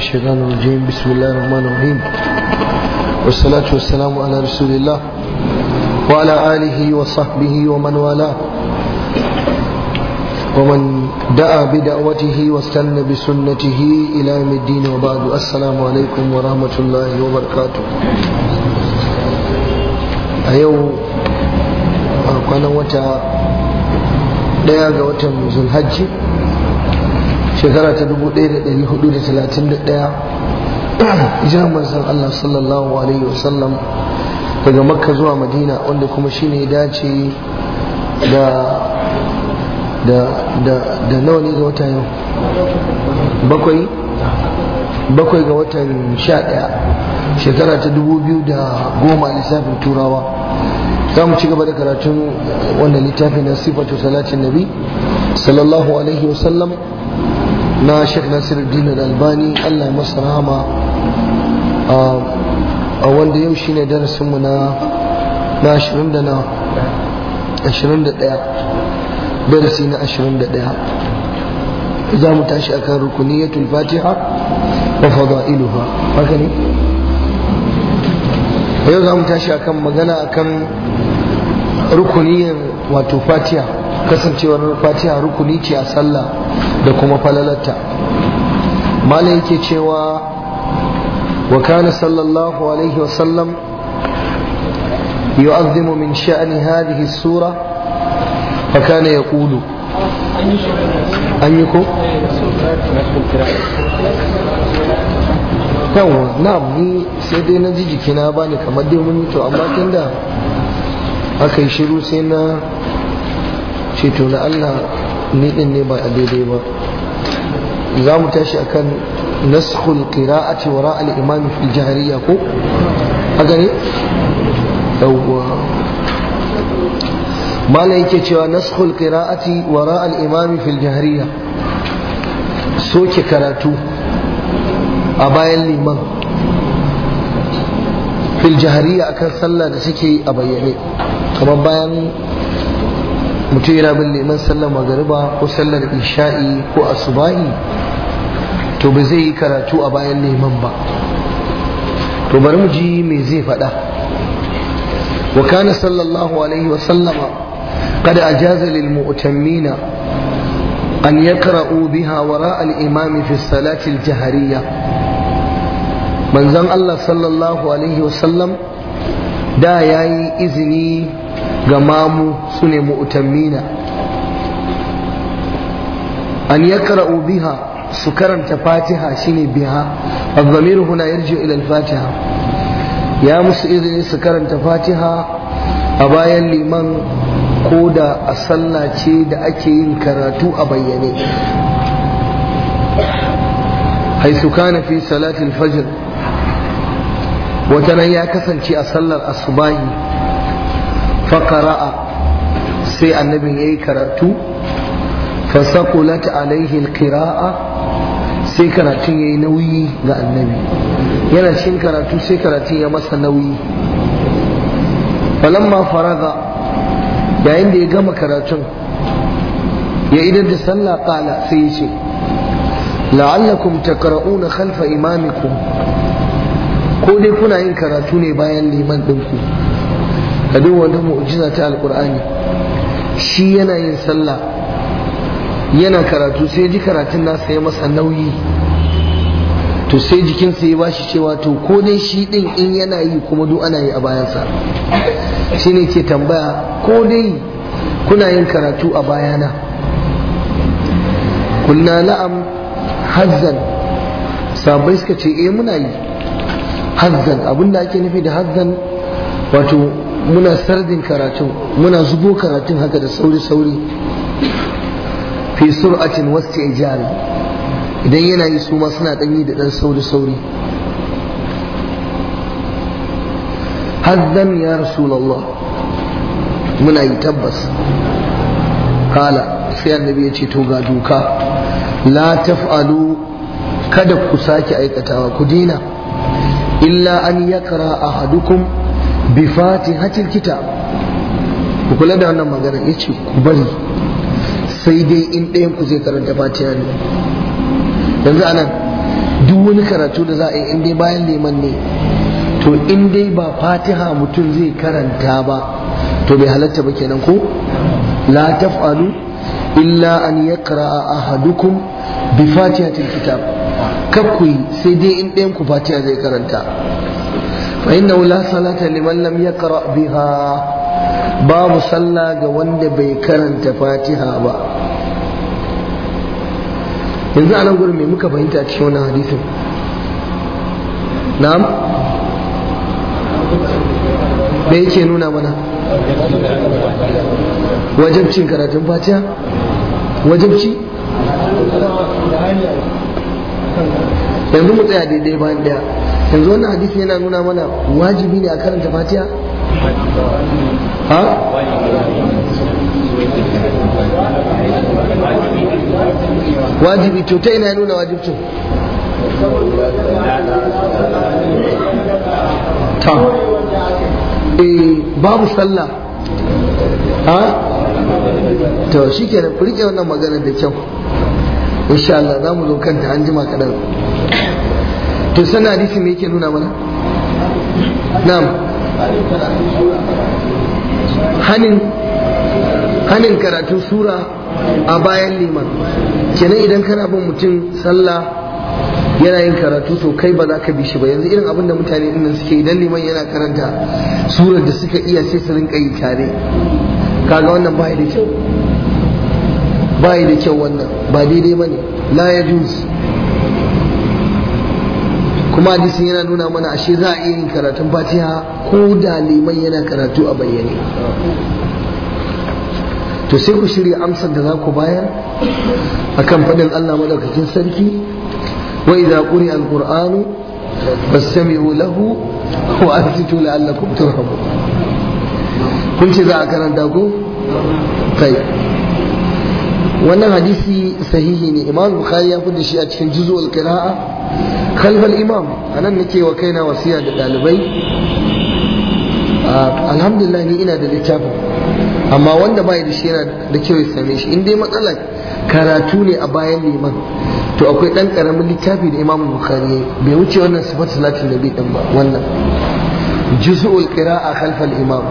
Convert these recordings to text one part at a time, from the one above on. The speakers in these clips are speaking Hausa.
الشيطان الرجيم بسم الله الرحمن الرحيم والصلاة والسلام على رسول الله وعلى آله وصحبه ومن والاه ومن دعا بدعوته واستنى بسنته إلى يوم الدين وبعد السلام عليكم ورحمة الله وبركاته أيوه كان وتا ɗaya ga watan zulhajji shekara ta 1431 hijiran manzon Allah sallallahu alaihi wasallam daga makka zuwa madina wanda kuma shi ne dace da da da da nawa ne ga wata yau bakwai bakwai ga watan sha ɗaya shekara ta dubu biyu da goma lissafin turawa za mu ci gaba da karatun wanda littafin na sifatu salatin nabi sallallahu alaihi wasallam na Sheikh Nasiruddin Al-Albani Allah ya masa rahama a wanda yau shine darasin mu na na 20 da na 21 darasi na 21 za mu tashi akan rukuniyatul Fatiha wa fada'iluha haka ne yau za mu tashi akan magana akan rukuniyar wato Fatiha kasancewar fatiha rukuni ce a sallah da kuma falalarta malam yake cewa wa kana sallallahu alaihi wasallam يعظم من شأن هذه السورة فكان يقول أنيكم yawwa na'am ni sai dai na ji jikina ba ne kamar dai mun to amma tun da aka yi shiru sai na ce to na Allah ni din ne ba a daidai ba za mu tashi akan naskhul qira'ati wara al-imam fi jahriya ko haka ne yawwa mala yake cewa naskhul qira'ati wara al-imam fi jahriya soke karatu a bayan liman fil jahriya akan sallah da suke a bayyane kamar bayan mutum yana bin neman sallar magariba ko sallar isha'i ko asubahi to ba zai yi karatu a bayan neman ba to bari mu ji me zai faɗa wa kana sallallahu alaihi wa sallama qad ajaza lil mu'tammina an yaqra'u biha wara al imam fi salati al jahariyya manzon Allah sallallahu alaihi wa sallam da yayi izini ga mamu su ne mu'tammina an yakra'u biha su karanta fatiha shine biha الضمير هنا يرجع إلى Fatiha. ya musu izini su karanta fatiha a bayan liman ko da a sallah ce da ake yin karatu a bayyane haisu kana fi salatin fajr wata nan ya kasance a sallar asubahi faƙara'a sai annabin ya yi karatu fasakulat alaihi alƙira'a sai karatun ya yi nauyi ga annabi yana cikin karatu sai karatun ya masa nauyi falamma faraga yayin da ya gama karatun ya idan da sallah ƙala sai ya ce la'allakum takra'una khalfa imamikum ko dai kuna yin karatu ne bayan liman ɗinku ka duba mu'jiza ta alqur'ani shi yana yin sallah yana karatu sai ji karatun nasa ya masa nauyi to sai jikinsa ya bashi cewa to ko dai shi din in yana yi kuma duk ana yi a bayansa shi ne ke tambaya ko dai kuna yin karatu a bayana kunna na'am hazzan sabai suka ce eh muna yi hazzan abinda ake nufi da hazzan wato muna sardin karatu muna zubo karatun haka da sauri-sauri fi sur'atin wasu ijari idan yana yi su ma suna ɗanyi da ɗan sauri-sauri haddan ya rasulallah muna yi tabbas kala sai annabi ya ce to ga doka la taf'alu kada ku sake aikatawa ku dina illa an yakra ahadukum bi fatihatil kitab ku kula da wannan magana ce ku bari sai dai in ɗayan ku zai karanta fatiha ne yanzu anan duk wani karatu da za a yi in dai bayan neman ne to in dai ba fatiha mutum zai karanta ba to bai halatta ba kenan ko la taf'alu illa an a ahadukum bi fatihatil kitab kakku sai dai in ɗayan ku fatiha zai karanta فإنه لا صلاة لمن لم يقرأ بها باب صلى وند بيكرن تفاتها با yanzu anan gurin muka fahimta a cikin wannan hadisin na'am me yake nuna mana wajabcin karatun fatiha wajabci yanzu mu tsaya daidai bayan daya yanzu wannan hadisi yana nuna mana wajibi ne a karanta fatiha ha wajibi to ta ina nuna wajibcin ta eh, babu sallah ha to ke ku rike wannan magana da kyau insha Allah za mu zo kanta an jima kaɗan to sana hadisi me yake nuna mana na'am hanin karatu sura a bayan liman kenan idan kana bin mutum sallah yana yin karatu to kai ba za ka bi shi ba yanzu irin abin mutane dinnan suke idan liman yana karanta surar da suka iya sai su rinka yi tare kaga wannan bai da kyau bai da kyau wannan ba daidai bane la yajuz kuma hadisin yana nuna mana ashe za a iya yin karatun fatiha ko da liman yana karatu a bayyane to sai ku shirya amsar da za ku bayar akan faɗin Allah madaukakin sarki wa idza quri alqur'anu fastami'u lahu wa ansitu la'allakum turhamun kun ce za a karanta ko kai wannan hadisi sahihi ne imam bukhari ya fi da shi a cikin juzul qira'a khalfal imam anan nake wa kaina wasiya da dalibai ah, alhamdulillah ni ina da littafin amma wanda bai da shi yana da kyau ya same shi in dai matsalar karatu ne a bayan liman to akwai dan karamin littafi da imam bukhari bai wuce wannan sifat salatin nabi din ba wannan juz'ul qira'a khalfal imam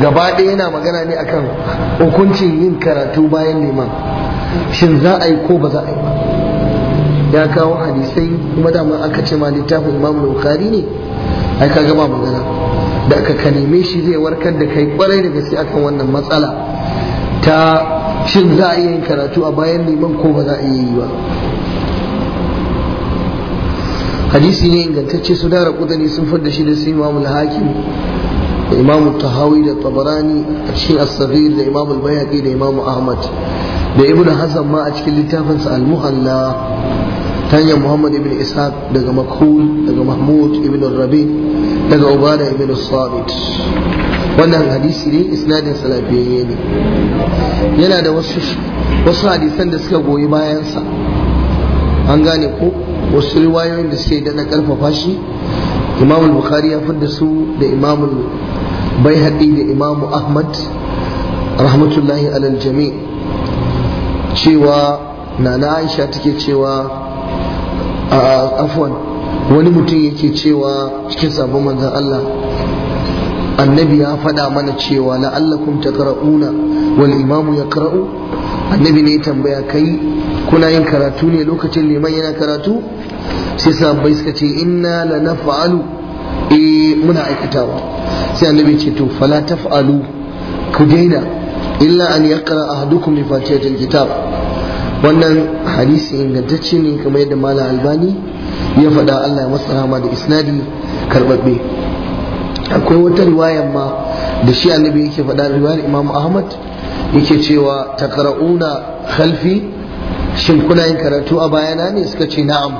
gaba ɗaya yana magana ne akan hukuncin yin karatu bayan liman shin za a yi ko ba za a yi ba ya kawo hadisai kuma dama aka ce ma littafin imam bukhari ne ai ka gaba magana da aka ka shi zai warkar da kai kwarai da gaske akan wannan matsala ta shin za a iya yin karatu a bayan liman ko ba za a yi ba hadisi ne ingantacce su dara kudani sun fadda shi da su imamul hakim da imamu tahawi da tabarani a cikin asabir da imamul bayhaqi da imamu ahmad da ibn Hassan ma a cikin littafinsa al-muhalla ta hanyar muhammad ibn ishaq daga makul daga mahmud ibn rabi daga ubada ibn sabit wannan hadisi ne isnadin salafiyayye ne yana da wasu wasu hadisan da suka goyi bayansa an gane ko wasu riwayoyin da suke da karfafa shi imam bukhari ya da su da imam bai da imam ahmad rahmatullahi alal jami cewa nana aisha take cewa afwan wani mutum yake cewa cikin sabon manzan Allah annabi ya faɗa mana cewa la'allakum taqra'una wal imamu yaqra'u annabi ne tambaya kai kuna yin karatu ne lokacin liman yana karatu sai sahabbai suka ce inna la naf'alu eh muna aikatawa sai annabi ce to fala taf'alu ku daina illa an yaqra ahadukum li fatihatil kitab wannan hadisi ingantacce ne kamar yadda malam albani ya faɗa Allah ya masa rahama da isnadi karbabbe akwai wata riwayar ma da shi annabi yake faɗa riwayar Imam Ahmad yake cewa ta ƙarauna khalfi shin kuna yin karatu a bayana ne suka ce na'am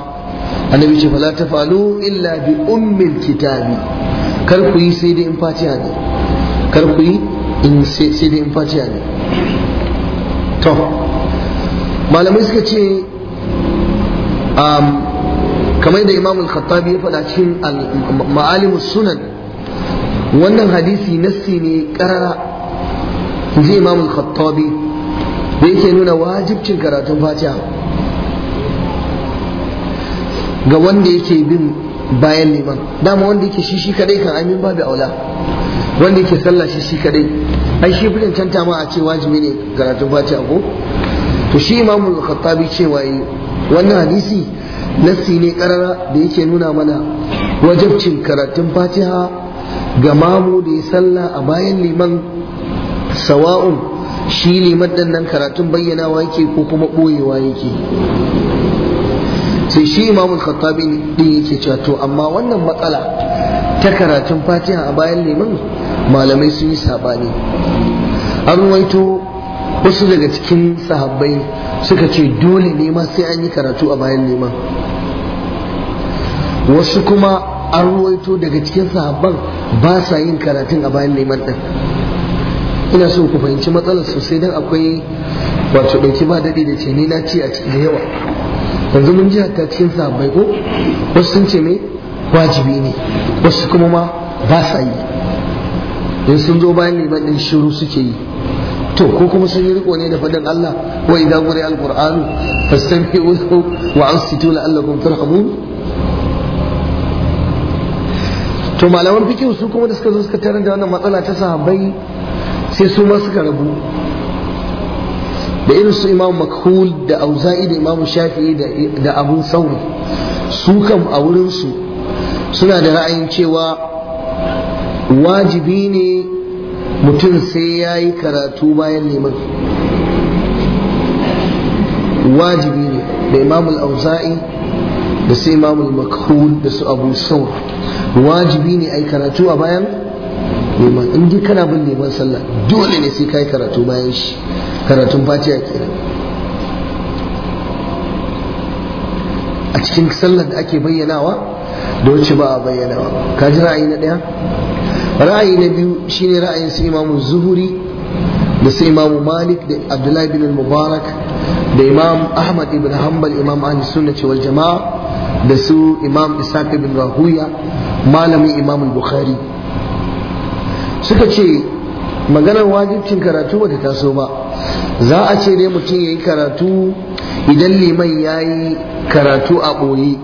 annabi ce fala falu illa bi ummil kitabi kar ku yi sai dai in fatiha ne kar yi sai dai in ne malamai suka ce um, kamar yadda imam al-khattabi ya faɗa cikin ma'alimu sunan wannan hadisi nassi ne karara ji imam al-khattabi da yake nuna wajibcin karatun fatiha ga wanda yake bin bayan liman dama wanda yake shi shi kadai kan amin babu aula wanda yake sallah shi shi kadai ai shi fi cancanta ma a ce wajibi ne karatun fatiha ko to shi imamu al-khattabi cewa yi wannan hadisi nassi ne karara da yake nuna mana wajabcin karatun fatiha ga mamu da ya sallah a bayan liman sawa'un shi liman din nan karatun bayyanawa yake ko kuma boyewa yake sai shi imamu al-khattabi din yake cewa to amma wannan matsala ta karatun fatiha a bayan liman malamai sun yi sabani an waito wasu daga cikin sahabbai suka ce dole ne ma sai an yi karatu a bayan neman wasu kuma an ruwaito daga cikin sahabban ba sa yin karatun a bayan neman ɗin ina so ku fahimci matsalar sosai don akwai wato ɗauki ba daɗi da ce ni na ci a cikin yawa yanzu mun ji ta cikin sahabbai ko wasu sun ce me wajibi ne wasu kuma ma ba sa yi in sun zo bayan neman ɗin shiru suke yi to ko kuma sun yi riko ne da fadin Allah wa idza quri'a alquran ke wa ansitu la'allakum turhamun to malaman fiqh su kuma da suka zo suka tarin da wannan matsala ta sahabbai sai su ma suka rabu da irin su imam makhul da auza'i da imam shafi'i da abu sauri su kam a wurinsu suna da ra'ayin cewa wajibi ne mutum sai ya yi karatu bayan neman wajibi ne da imamul auza'i da sai imamul makhul da su abu saur wajibi ne a yi karatu a bayan neman in ji kana bin neman sallah dole ne sai ka yi karatu bayan shi karatun fatiha kenan a cikin sallar da ake bayyanawa da wacce ba a bayyanawa ka jira ra'ayi na ɗaya ra'ayi na biyu shine ra'ayin su imamu zuhuri da su imamu malik da abdullahi bin mubarak da imam ahmad ibn hanbal imam ahli sunna wal jama'a da su imam isaac ibn rahuya malamin imam bukhari suka ce maganar wajibcin karatu bata taso ba za a ce dai mutum ya yi karatu idan liman ya yi karatu a ɓoye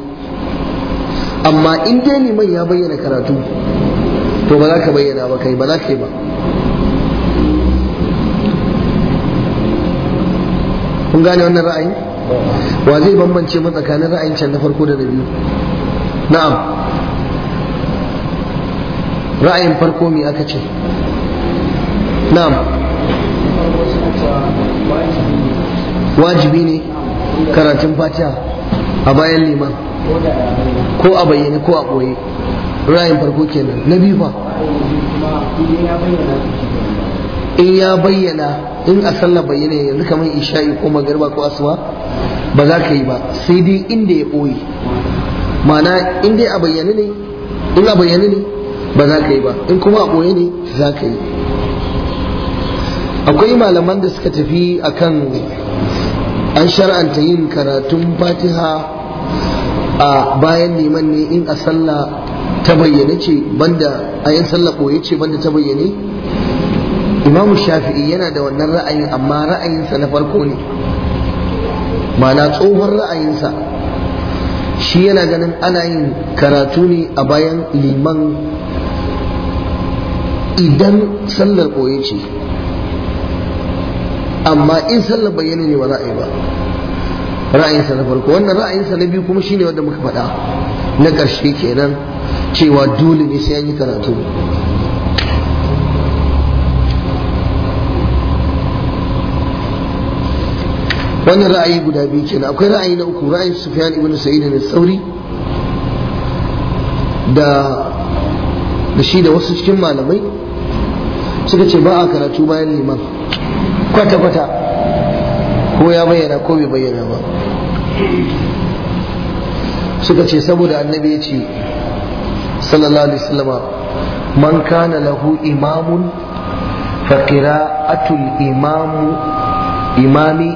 amma in dai liman ya bayyana karatu to ba za ka bayyana ba kai ba za ka yi ba kun gane wannan ra'ayi wa zai bambance mu tsakanin ra'ayin can na farko da na biyu na'am ra'ayin farko me aka ce na'am wajibi ne karatun fatiha a bayan liman ko a bayyane ko a ɓoye ra'ayin farko kenan na biyu ba in ya bayyana in a sallah bayyana yanzu kamar isha'i ko magarba ko asuba ba za ka yi ba sai dai inda ya ɓoye ma'ana in dai a bayyane ne in a bayyane ne ba za ka yi ba in kuma a ɓoye ne za ka yi akwai malaman da suka tafi akan an shar'anta yin karatun fatiha a bayan neman ne in a sallah ta bayyane ce banda a yan sallah koye ce banda ta bayyane imamu shafi'i yana da wannan ra'ayin amma ra'ayinsa na farko ne ma'ana tsohon ra'ayinsa shi yana ganin ana yin karatu ne a bayan liman idan sallar koye ce amma in sallar bayyane ne ba ra'ayi ba ra'ayinsa na farko wannan ra'ayinsa na biyu kuma shine wanda muka faɗa na ƙarshe kenan cewa dole ne sai an yi karatu wannan ra'ayi guda biyu kenan akwai ra'ayi na uku ra'ayin sufyan ibn sa'id ne tsauri da da shi da wasu cikin malamai suka ce ba a karatu bayan liman kwata-kwata ko ya bayyana ko bai bayyana ba suka ce saboda annabi ya ce sallallahu alaihi wasallam man kana lahu imamun fa qira'atul imamu imami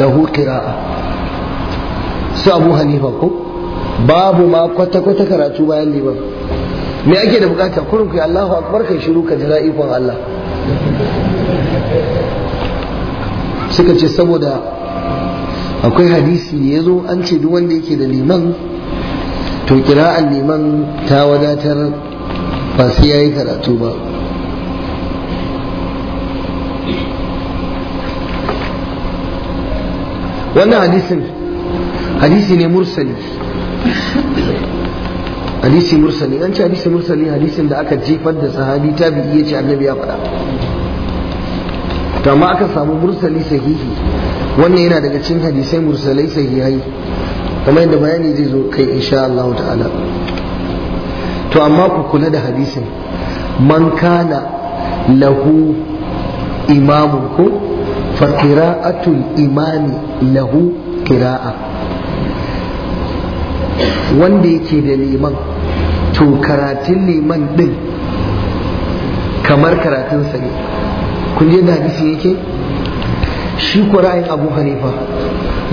lahu qira'a su abu hanifa ko babu ma kwata kwata karatu bayan liman me ake da bukata kurin kai Allahu akbar kai shiru ka jira ikon Allah suka ce saboda akwai hadisi da ya zo an ce duk wanda yake da liman to kira'an liman ta wadatar ba sai ya yi karatu ba wannan hadisin hadisi ne mursali hadisi mursali an ce hadisi mursali hadisin da aka jefar da sahabi ta bi iya ce annabi ya faɗa to amma aka samu mursali sahihi wannan yana daga cikin hadisai mursalai sahihai kamar yadda bayani zai zo kai insha Allah ta'ala to amma ku kula da hadisin man kana lahu imamun ko fa qira'atul imami lahu qira'a wanda yake da liman to karatun liman din kamar karatun sa ne kun je da hadisi yake shi ko ra'ayin Abu Hanifa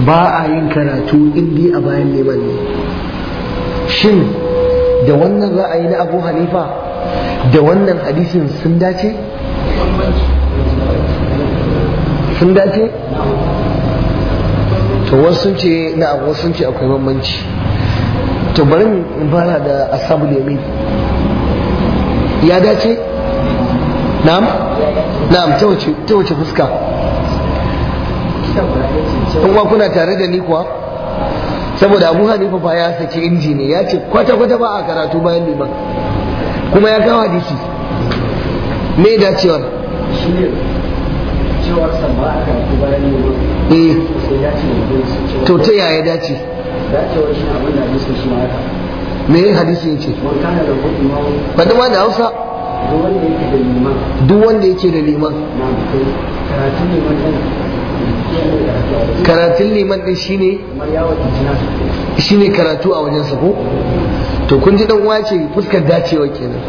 ba a yin karatu indi a bayan neman ne shin da wannan ra'ayi na abu halifa da wannan hadisin sun dace sun dace to wasu sun ce na abu sun ce akwai bambanci to bari in fara da asabu yamin ya dace na'am na'am ta wace fuska kuma kuna tare da ni kuwa saboda abu hanifa fa ya saki inji ne ya ce kwata-kwata ba a karatu bayan liman kuma ya kawo hadisi me da cewar eh. to ta yaya dace me hadisi yace bada ma da hausa duk wanda yake da liman karatun liman din shine shine karatu a wajen ko to kun ji dan wace fuskar dacewa kenan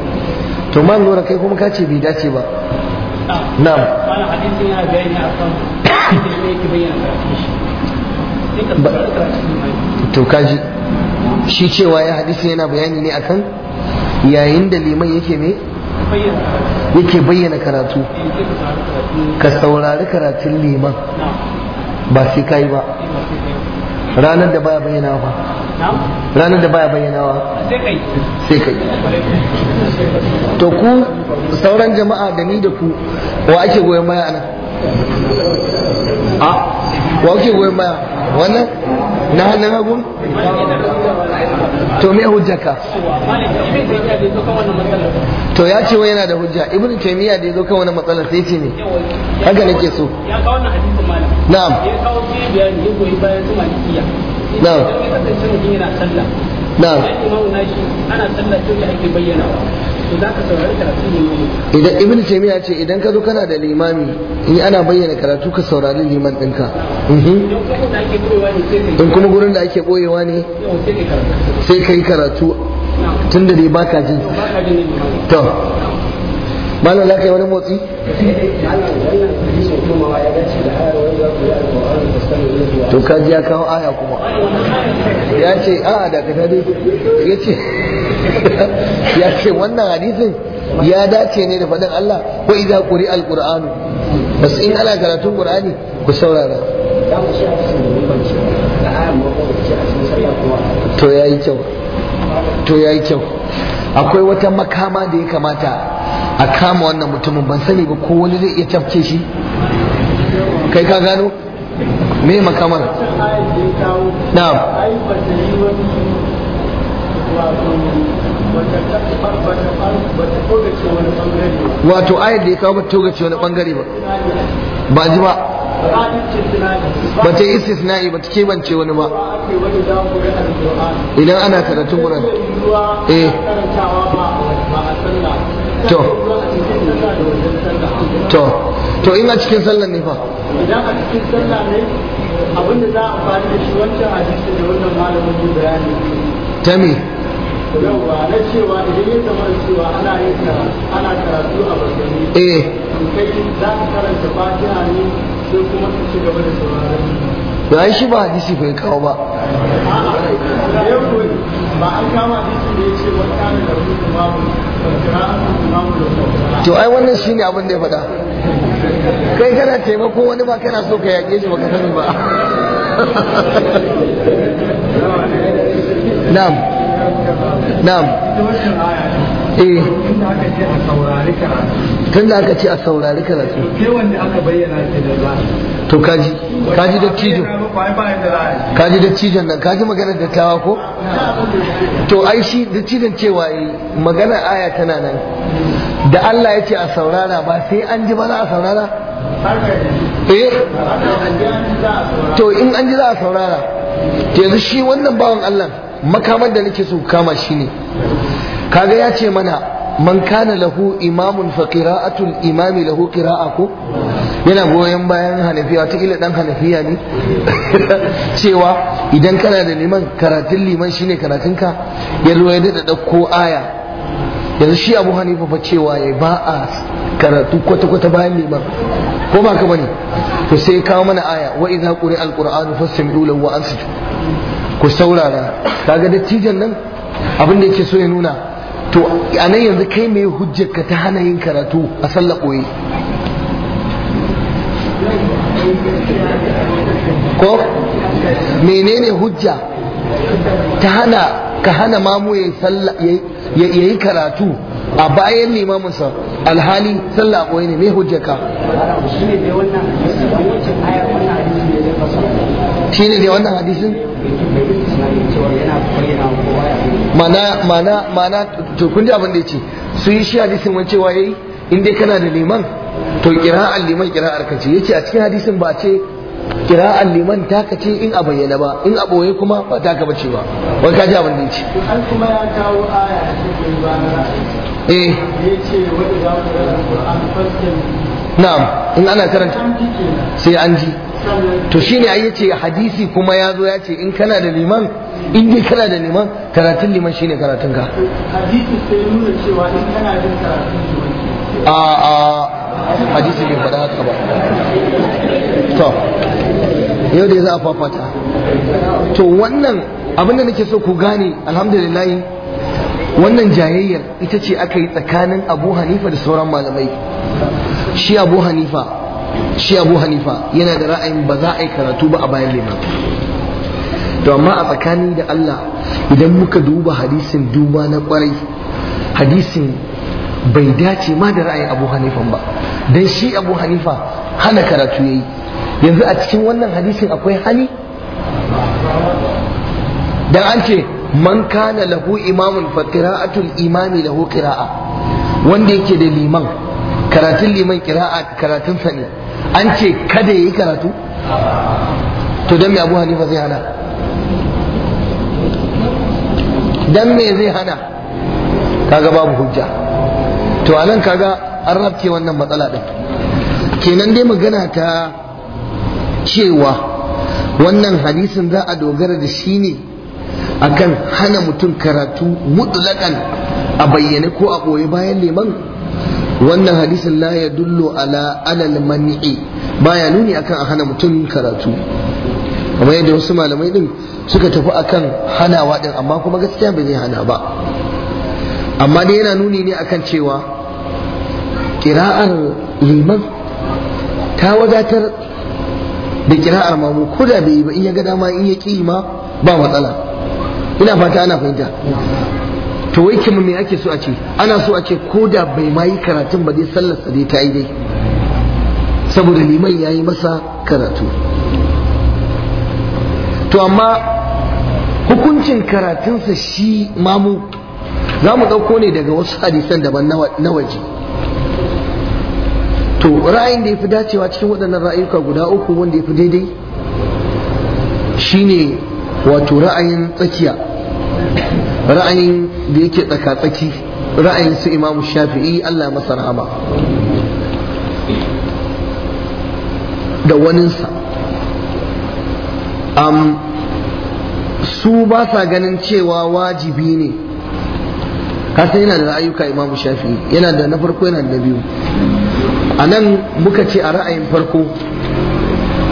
to man nura kai kuma kace bai dace ba na'am to kaji shi cewa ya hadisi yana bayani ne akan yayin da liman yake ne yake bayyana karatu ka saurari karatun liman ba sai kai ba ranar da baya bayyana ba ranar da baya bayyana ba sai kai to ku sauran jama'a da ni da ku wa ake goyon baya anan a wa ake goyon baya wannan na hannun hagu to me hujjaka to ya ce wai yana da hujja ibnu taymiya da yazo kan wannan matsalar sai ce ne haka nake so ya kawo wannan hadisin malam na'am ya na'am na'am idan ibn taymiya ce idan ka zo kana da limami in ana bayyana karatu ka saurari liman ɗinka mhm. in kuma gurin da ake boyewa ne sai ka yi karatu tun da dai baka jin to malam za ka yi wani motsi to kaji ya kawo aya kuma ya ce a da ka dai ya ce ya ce wannan hadisin ya dace ne da faɗin Allah ko idza quri alqur'anu bas in ala karatun qur'ani ku saurara to yayi kyau to yayi kyau akwai wata makama da ya kamata a kama wannan mutumin ban sani ba ko wani zai iya tafke shi kai ka gano me makamar na'am wato ayar da ya kawo bata togace wani bangare ba ba ji ba ba ta istisna'i ba ta kebance wani ba idan ana karatun wurin eh to to to ina cikin sallar ne fa idan a cikin sallar ne abinda za a fara da shi wancan hadisi da wannan malamin ji bayani ta me yawwa na cewa idan ya zama cewa ana yin ta ana karatu a bakari eh kai za ka karanta fatiha ne sai kuma ka ci gaba da sauraron da shi ba hadisi bai kawo ba ba an kama da ya ce da da da to ai wannan shine abin da ya faɗa kai kana taimako wani ba kana so ka yaƙe shi baka sani ba na'am na'am eh tun da aka ce a saurari karatu to kaji kaji da cijo kaji da cijon nan kaji magana da tawa ko to ai shi da cijon cewa yi eh, magana aya tana nan da Allah ya ce a saurara ba sai an ji ba za a saurara eh to in an ji za a saurara to yanzu shi wannan bawan Allah makamar da nake so kama shi ne kaga ya ce mana man kana lahu imamun fa qira'atul imami lahu qira'a ko yana goyon bayan hanafiya ila dan hanafiya ne cewa idan kana da liman karatun liman shine ka ya ruwa ya da ko aya yanzu shi abu hanifa fa cewa ya ba a karatu kwata-kwata bayan liman ko ba ka bane to sai kawo mana aya wa idza quri'a alqur'anu fastami'u lahu wa ku saurara kaga dattijan nan abin da yake so ya nuna to a nan yanzu kai mai hujjar ka ta hana yin karatu a sallar ɓoye ko menene hujja ta hana ka hana mamu ya yi karatu a bayan limaminsa alhali sallah ɓoye ne mai hujjar ka shi ne dai wannan hadisin mana mana mana to kun ji abin da yace su yi shi hadisin wani cewa yayi in dai kana da liman to qira'an liman qira'ar ka ce yace a cikin hadisin ba ce qira'an liman ta ka ce in a bayyana ba in a boye kuma ba ta ka bace ba Wani ka ji abin da yace an kuma ya kawo aya a cikin eh yace wanda za ku da alquran fasal na'am in ana karanta sai an ji to shine ai yace hadisi kuma ya zo ya ce in kana da liman in dai kana da liman karatun liman shine karatun ka hadisi sai nuna cewa in kana jin karatun a a hadisi bai faɗa haka ba to yau dai za a fafata to wannan abin da nake so ku gane alhamdulillah wannan jayayyar ita ce aka yi tsakanin abu hanifa da sauran malamai shi abu hanifa yana da ra'ayin ba za a yi karatu ba a bayan liman to amma a tsakani da Allah idan muka duba hadisin duba na kwarai hadisin bai dace ma da ra'ayin abu hanifan ba dan shi abu hanifa hana karatu yayi yanzu a cikin wannan hadisin akwai hani dan an ce man kana lahu imamun fa qira'atul imami lahu qira'a wanda yake da liman karatun liman kira'a karatun sa ne an ce kada yi karatu to don me Abu Hanifa zai hana dan me zai hana kaga babu hujja to a nan kaga an rabce wannan matsala ɗin kenan dai magana ta cewa wannan hadisin za a dogara da shi ne akan hana mutum karatu mutlaƙan a bayyane ko a ɓoye bayan liman wannan hadisin la ya dullo ala alal man'i baya nuni akan a hana mutum karatu kuma yadda wasu malamai din suka tafi akan hanawa din amma kuma gaskiya ba zai hana ba amma dai yana nuni ne akan cewa kira'ar liman ta wadatar da kira'ar mamu ko da bai ba in ya ga dama in ya ki ma ba matsala ina fata ana fahimta to wai kimin me ake so a ce ana so a ce ko da bai ma yi karatun ba dai sallar sa dai ta yi dai saboda liman ya yi masa karatu to amma hukuncin karatunsa shi mamu za mu ɗauko ne daga wasu hadisan daban na waje to ra'ayin da ya fi dacewa cikin waɗannan ra'ayuka guda uku wanda ya fi daidai shine wato ra'ayin tsakiya ra'ayin da yake tsakatsaki ra'ayin su imamu shafi'i Allah masa rahama da waninsa um, su ba sa ganin cewa wajibi ne kasa yana da ra'ayuka imamu shafi'i yana da na farko yana da biyu a nan muka ce a ra'ayin farko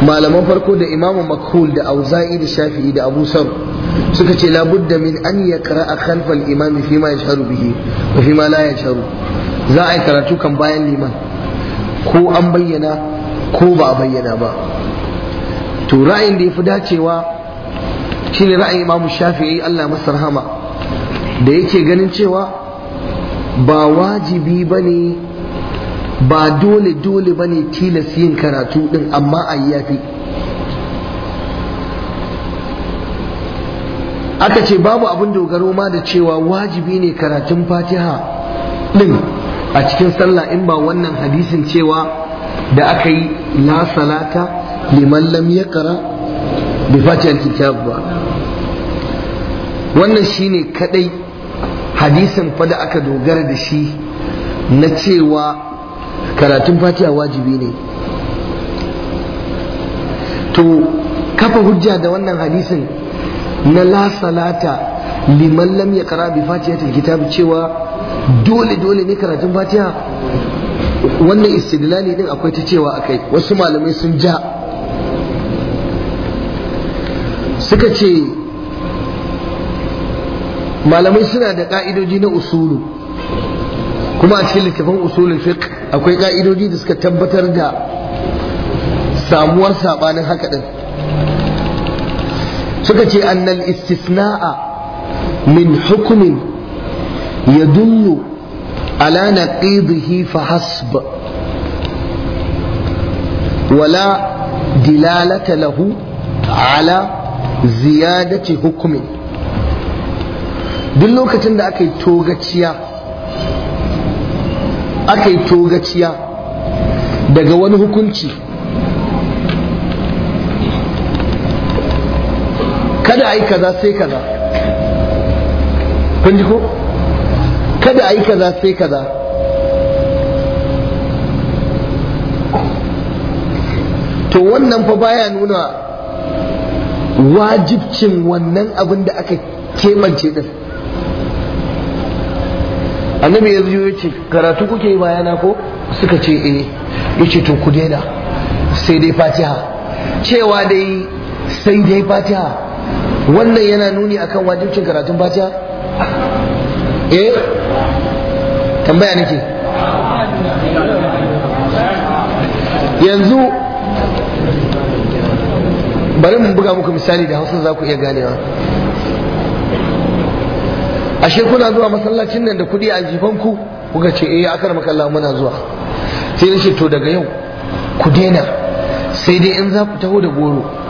malaman farko da imamu makhul da auza'i da shafi'i da abu saru suka ce labudda min an ya kara a khalfal imami fi ma ya sharu bihi wa fi ma la sharu za a yi karatu kan bayan liman ko an bayyana ko ba a bayyana ba to ra'ayin da ya fi dacewa shine ra'ayin imamu shafi'i Allah masa rahama da yake ganin cewa ba wajibi ba ne ba dole dole bane tilas yin karatu din amma a yafi aka ce babu abin dogaro ma da cewa wajibi ne karatun fatiha din a cikin sallah in ba wannan hadisin cewa da aka yi la salata liman lam yaqra bi fatihal kitab ba wannan shine kadai hadisin fa da aka dogara da shi na cewa karatun fatiha wajibi ne to kafa hujja da wannan hadisin na la salata liman lam ya kara bi ta kitab cewa dole dole ne karatun fatiha wannan istidlali din akwai ta cewa akai wasu malamai sun ja suka ce malamai suna da ka'idoji na usulu kuma a cikin littafin usulul fiqh akwai ka'idoji da suka tabbatar da samuwar sabanin haka din suka ce annal istisna'a min hukumin yadullu ala naqidihi fa hasb wala dilalata lahu ala ziyadati hukumin duk lokacin da aka yi togaciya aka yi togaciya daga wani hukunci kada a yi kaza sai kaza kun ji ko kada a yi kaza sai kaza to wannan fa baya nuna wajibcin wannan abin da aka kemance din annabi ya zo ce karatu kuke yi bayana ko suka ce eh yace to ku daina sai dai fatiha cewa dai sai dai fatiha wannan yana nuni akan wajibcin karatun fatiha eh tambaya nake yanzu bari mu buga muku misali da hausa za ku iya ganewa ashe kuna zuwa masallacin nan da kuɗi a jifanku kuka ce eh akar makalla muna zuwa sai na ce to daga yau ku daina sai dai in za ku taho da goro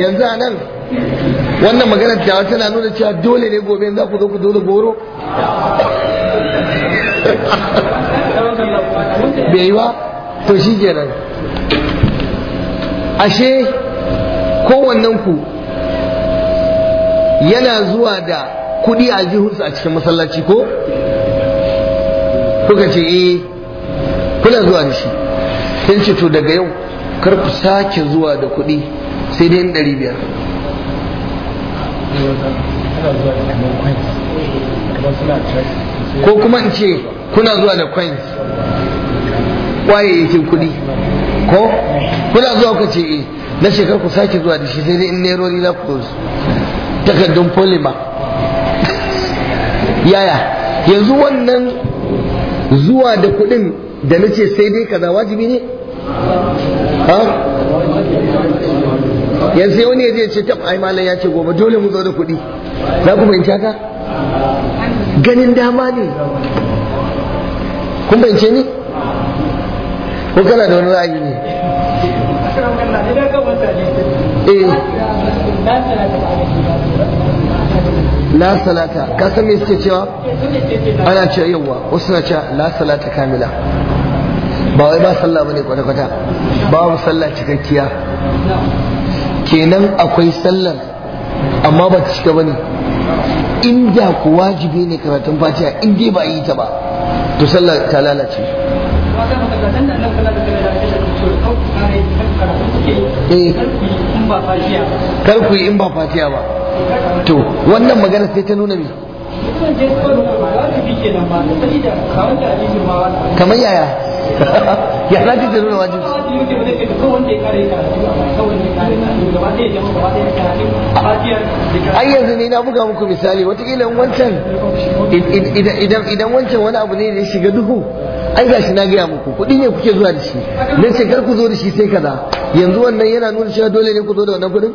yanzu a nan wannan maganar tawa tana nuna cewa dole ne gobe za ku zo ku dole goro bai yi ba to shi kenan ashe kowannen ku yana zuwa da kuɗi su a cikin masallaci ko kuka ce eh kuna zuwa da shi kin ce to daga yau kar ku sake zuwa da kuɗi sai dai ɗari biyar ko kuma in ce kuna zuwa da coins kwayayyakin kuɗi ko kuna zuwa ku ce eh na shekar ku sake zuwa da shi sai dai in nerori na ku takardun polima yaya yanzu wannan zuwa da kuɗin da na ce sai dai kaza wajibi ne yanzu sai wani ya je ce tab ai malam ya ce gobe dole mu zo da kuɗi za ku fahimci haka ganin dama ne kun fahimce ni ko kana da wani ra'ayi ne eh la salata ka san me suke cewa ana cewa yawa wasu na cewa la salata kamila ba wai ba sallah bane kwata-kwata babu sallah cikakkiya kenan akwai sallar amma ba ta cika ba ne inda ku wajibi ne karatun fatiha in dai ba yi ta ba to sallar ta lalace eh, kar ku yi in ba fatiha ba to wannan magana sai ta nuna me kamar yaya ya za ta nuna ai yanzu ne na buga muku misali watakila wancan idan wancan wani abu ne ya shiga duhu ai gashi na gaya muku kuɗi ne kuke zuwa da shi na ce kar ku zo da shi sai kaza yanzu wannan yana nuna cewa dole ne ku zo da wannan kuɗin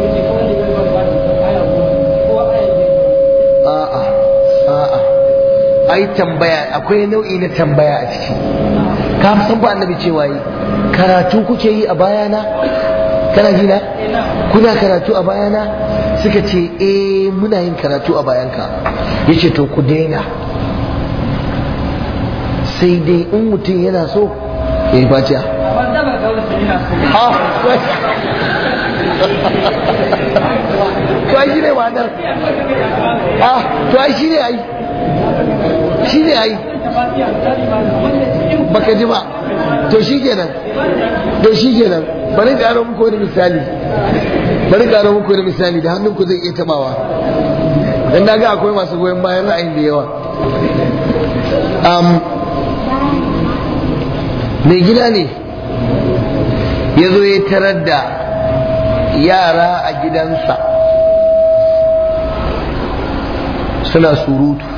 ai tambaya akwai nau'i na tambaya a ciki ka san ba annabi cewa yi karatu kuke yi a bayana kana ji kuna karatu a bayana suka ce eh muna yin karatu a bayanka yace to ku daina sai dai in mutum yana so ya yi baciya ah, to ai shi ne ma'anar ah, to ai shi ne ai shi ne ai baka ji ba to shi kenan to shi kenan bari ƙaro muku wani misali bari ƙaro muku wani misali da hannunku zai iya tabawa dan na ga akwai masu goyon bayan ra'ayin da yawa mai gida ne ya zo ya tarar da yara a gidansa suna surutu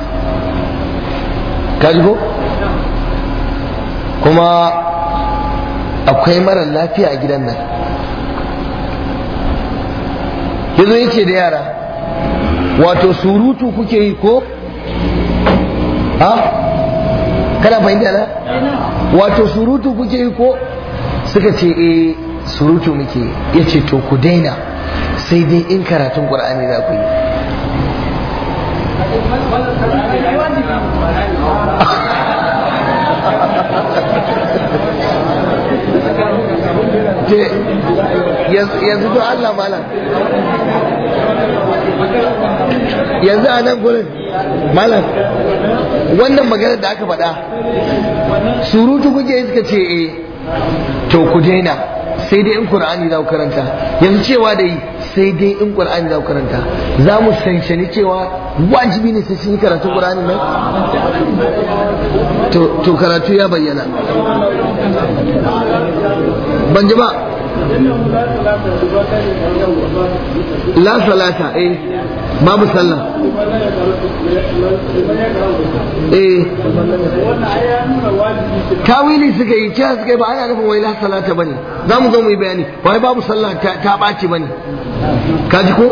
kaji ko kuma akwai mara lafiya a gidan nan yanzu yake da yara wato surutu kuke yi ko ha kana fahimta na wato surutu kuke yi ko suka ce eh surutu muke yace to ku daina sai dai in karatun ƙur'ani za ku yi yanzu to Allah malam yanzu a nan gurin malam wannan maganar da aka faɗa surutu kuke suka ce eh to ku daina sai dai in qur'ani za ku karanta yanzu cewa da yi sai dai in qur'ani za ku karanta za mu sanshani cewa wajibi ne sai sun karatu qur'ani nan to karatu ya bayyana ban ji ba la salata eh babu sallah eh tawili suka yi cewa suka yi ba ana nufin waila salata bane za mu zo mu yi bayani wai babu sallah ta ɓaci bane ka ji ko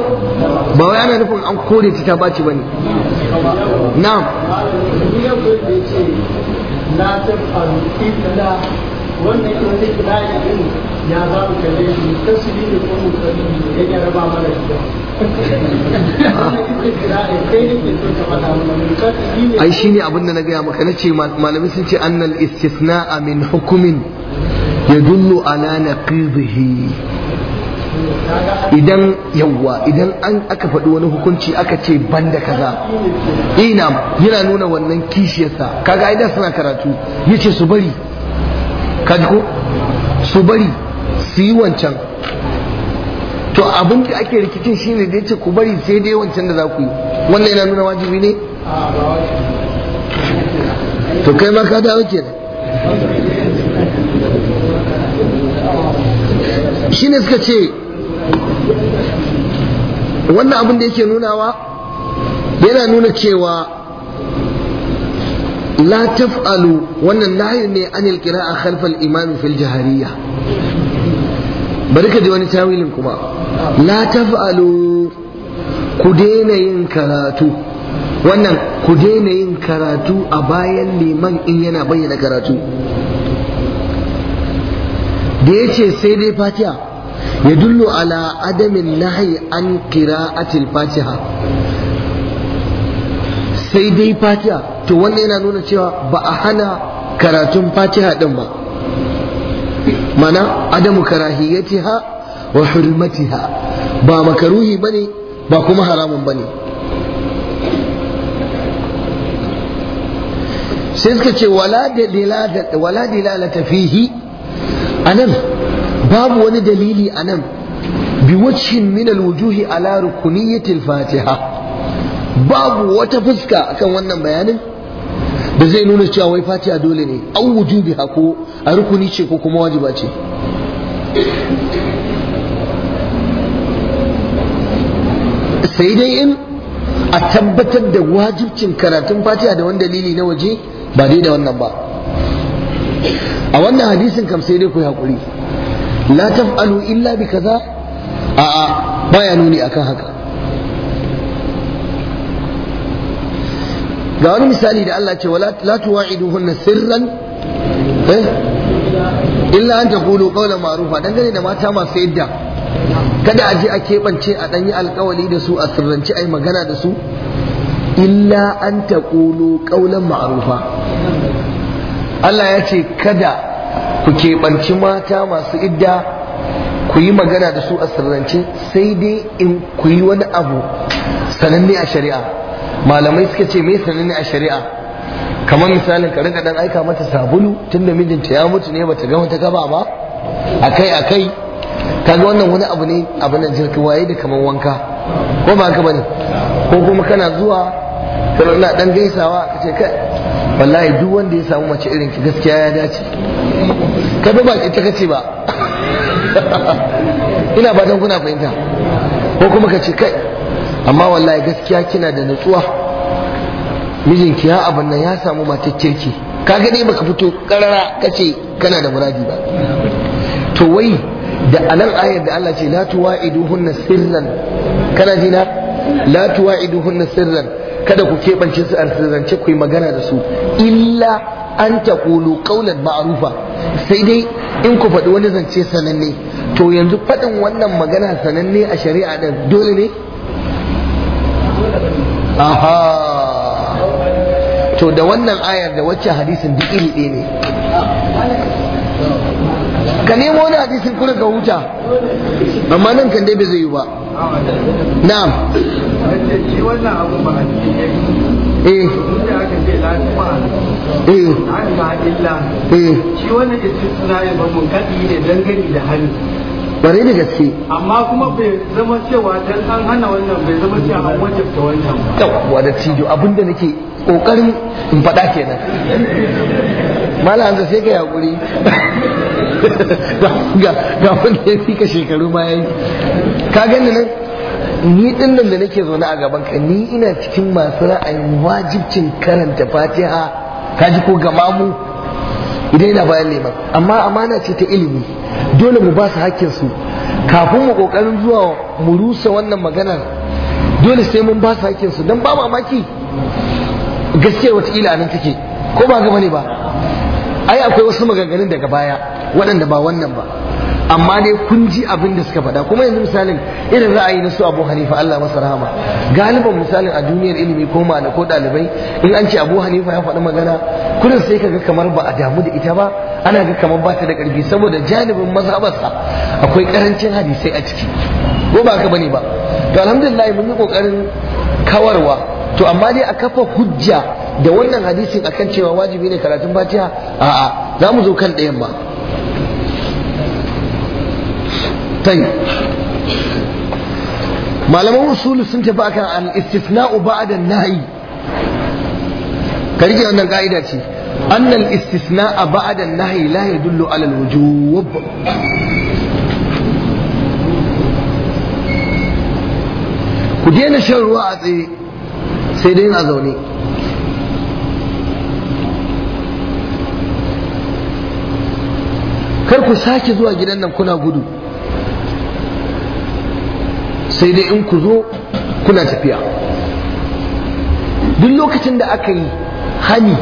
ba wai ana nufin an kore ta ta ɓaci bane na'am na wannan irin zai kira ya din ya za mu kalle shi tasiri ne ko mutane ne ya raba mana shi ai shine abin da na gaya maka na ce malamai sun ce annal istisna'a min hukumin ya yadullu ala naqidihi idan yawwa idan an aka faɗi wani hukunci aka ce ban da kaza ina yana nuna wannan kishiyarsa kaga ai suna karatu yace su bari kaji ko su bari su yi wancan to abin da ake rikicin shi ne da ce ku bari sai dai wancan da za ku yi wannan yana nuna wajibi ne to kai ma ka dawo shi ne suka ce wannan abin da yake nunawa yana nuna cewa la taf'alu wannan layu ne anil qira'a a al-imam fil jahariya bari ka ji wani tawilin kuma la taf'alu ku daina yin karatu wannan ku daina yin karatu a bayan liman in yana bayyana karatu da yace sai dai fatiha ya dullo ala adamin nahi an qira'atil fatiha sai dai fatiha to wannan yana nuna cewa ba a hana karatun fatiha din ba mana adamu karahiyatiha wa hurmatiha ba makaruhi bane ba kuma haramun bane sai suka ce wala dilalata fihi babu wani dalili anan biwajhin min wujuhi ala rukuniyyatil fatiha babu wata fuska akan wannan bayanin da zai nuna cewa wai fatiha dole ne an wujubi ko a rukuni ce ko kuma wajiba ce sai dai in a tabbatar da wajibcin karatun fatiha da wani dalili na waje ba dai da wannan ba a wannan hadisin kam sai dai ku hakuri la taf'alu illa bi kaza a'a baya nuni akan haka ga wani misali da Allah ce wala la tuwa'iduhunna sirran eh illa an taqulu qawlan ma'rufa dangane da mata masu yadda kada a je a keɓance a ɗanyi alkawali da su a sirrance ai magana da su illa an taqulu qawlan ma'rufa Allah ya ce kada ku keɓanci mata masu idda ku yi magana da su a sirrance sai dai in ku yi wani abu sananne a shari'a malamai suka ce me sananne a shari'a kamar misalin ka rika dan aika mata sabulu tunda mijinta ya mutu ne bata ga wata gaba ba akai akai kaga wannan wani abu ne abu na jirki waye da kamar wanka ko ba haka bane ko kuma kana zuwa kana ina dan gaisawa ka ce kai wallahi duk wanda ya samu mace irin ki gaskiya ya dace ka ba ita kace ba ina dan kuna fahimta ko kuma ka ce kai amma wallahi gaskiya kina da nutsuwa mijinki ya abin nan ya samu matar kirki ka gani baka fito karara kace kana da muradi ba to wai da anan ayar da Allah ce la tuwa'iduhunna sirran kana jina la tuwa'iduhunna sirran kada ku keɓance su a ku yi magana da su illa an ta kulu kaulan ma'arufa sai dai in ku faɗi wani zance sananne to yanzu faɗin wannan magana sananne a shari'a ɗin dole ne aha to da wannan ayar da wacce hadisin duk iri ɗaya ne ka nemo wani hadisin kuna ka huta amma nan kan dai bai zai yi ba na'am eh eh eh, eh. shi wannan istisna ne ba mun kadi ne dangane da hannu bare da gaske amma kuma bai zama cewa dan an hana wannan bai zama cewa an wajabta wannan yawwa da tijo abinda nake kokarin in faɗa kenan mala an sai ka yaƙuri ga wanda ya fi ka shekaru yayi ka gani nan ni din nan da nake zaune a gaban ka ni ina cikin masu ra'ayin wajibcin karanta fatiha ka ji ko gamamu idan yana bayan liman amma amana ce ta ilimi dole mu ba su hakkinsu kafin mu kokarin zuwa mu rusa wannan maganar dole sai mun ba su hakkinsu don ba amaki gaskiya watakila a nan take ko ba gaba ne ba ai akwai wasu maganganun daga baya waɗanda ba wannan ba amma dai kun ji abin da suka faɗa kuma yanzu misalin irin ra'ayi na su Abu Hanifa Allah masa rahama galiban misalin a duniyar ilimi ko ma ko ɗalibai in an ce Abu Hanifa ya faɗi magana kullum sai ka ga kamar ba a damu da ita ba ana ga kamar ba ta da ƙarfi saboda janibin mazhabarsa akwai karancin hadisai a ciki ko ba ne bane ba to alhamdulillah mun yi ƙoƙarin kawarwa to amma dai a kafa hujja da wannan hadisin akan cewa wajibi ne karatun fatiha a'a za mu zo kan ɗayan ba tayi malaman usulu sun tafi akan al-istisna'u ba'da an-nahi ka rike wannan ka'ida ce أن الاستثناء بعد النهي لا يدل على الوجوب ku daina shan ruwa a tsaye sai dai na zaune kar ku sake zuwa gidan nan kuna gudu sai dai in ku zo kuna tafiya duk lokacin da aka yi hani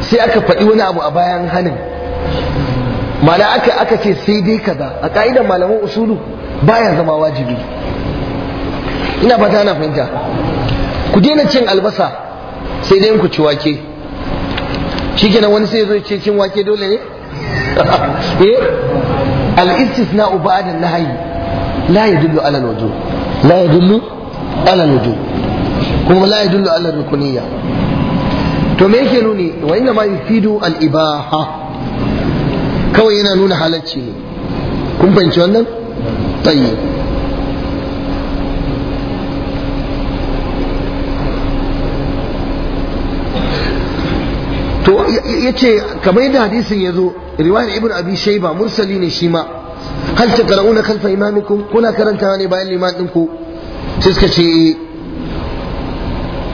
sai aka faɗi wani abu a bayan hanin mana aka aka ce sai dai kaza a ka'idar malaman usulu baya zama wajibi ina ba ta fahimta ku daina cin albasa sai dai ku ci wake shikenan wani sai zo ce cin wake dole ne eh al-istisna'u ba'da nahyi لا يدل على الوجوب لا يدل على الوجوب kuma لا يدل على الركنية to me وإنما nuni الإباحة inna ma yufidu al-ibaha kawai yana nuna ne to yace kamar yadda hadisin ya zo riwayar ibn abi shayba mursali ne shi ma hal na khalfa imamikum kuna karantawa ne bayan liman din sai suka ce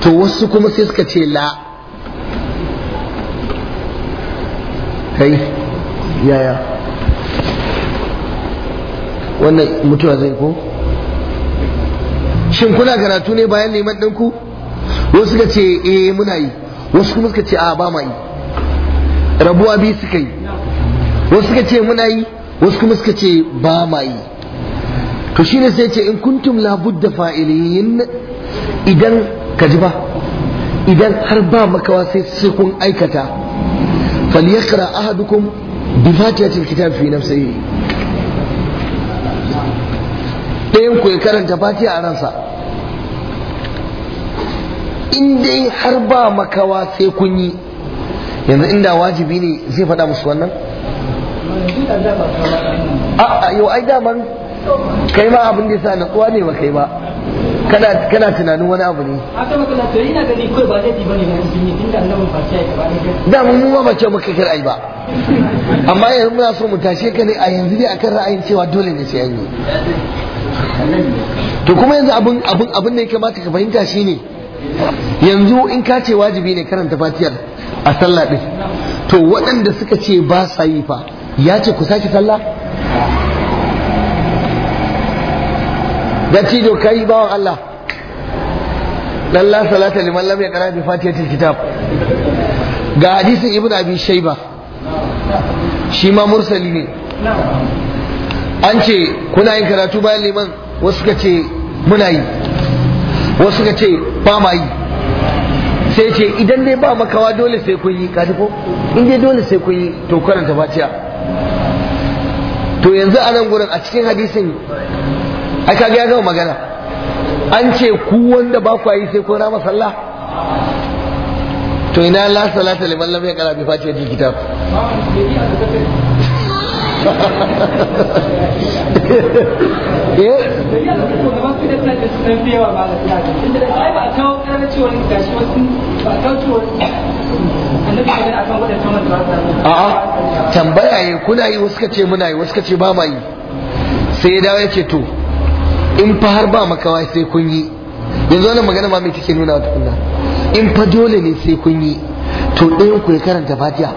to wasu kuma sai suka ce la kai yaya wannan mutuwa zai ko shin kuna karatu ne bayan liman din wasu suka ce eh muna yi wasu kuma suka ce a ba ma yi rabuwa bi suka yi wasu suka ce muna yi wasu kuma suka ce ba ma yi to shi ne sai ce in kuntum labudda fa'iliyin idan ka ji ba idan har ba makawa sai sai kun aikata falyakra ahadukum bi fatihatil kitab fi nafsihi ɗayan ku ya karanta Fatiya a ransa in dai har ba makawa sai kun yi yanzu inda wajibi ne zai faɗa musu wannan a yau ai daman kai ma abin da ya sa kuwa ne ba kai ba kana tunanin wani abu ne da mun ma mace muka kar ai ba amma yanzu muna so mu tashe ka ne a yanzu dai akan ra'ayin cewa dole ne sai an yi to kuma yanzu abin abin abin da kamata ka fahimta shine yanzu in ka ce wajibi ne karanta fatiyar a sallah din to waɗanda suka ce ba sa yi fa ya ce ku sake sallah dace do kai bawan Allah dan la salata liman lam yaqra bi fatihatil kitab ga hadisin ibn abi shayba shi ma mursali ne an ce kuna yin karatu bayan liman wasu ka ce muna yi wasu ka ce ba ma yi sai ce idan dai ba makawa dole sai kun yi kaji ko in dai dole sai kun yi to karanta fatiha to yanzu a nan gurin a cikin hadisin aka kaga gama magana an ce ku wanda ba ku sai ko rama sallah to ina la salata liman lam yaqra bi fatihatil kitab eh? a'a tambaya yi kuna yi wasu ce muna yi wasu ce ba ma yi sai ya dawo ya ce to in fa har ba makawa sai kun yi yanzu wannan magana ma mai take nuna wata kunna in fa dole ne sai kun yi to ɗayan ku ya karanta fatiha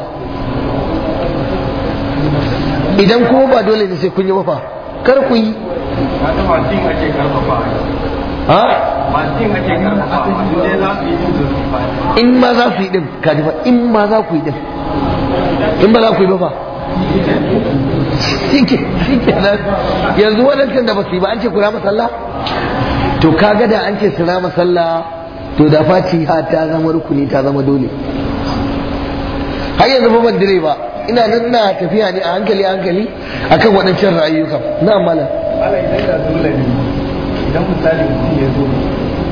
idan kuma ba dole ne sai kun yi ba fa kar ku yi ha in ma za ku yi din kaji fa in ma za ku yi din in ba za ku yi ba fa yanzu wadancan da ba su yi ba an ce kura masalla to kaga da an ce sura masalla to da fatiha ta zama rukuni ta zama dole har yanzu ba ban dire ba ina nan na tafiya ne a hankali a hankali kan waɗancan ra'ayyukan na mala idan misali mutum ya zo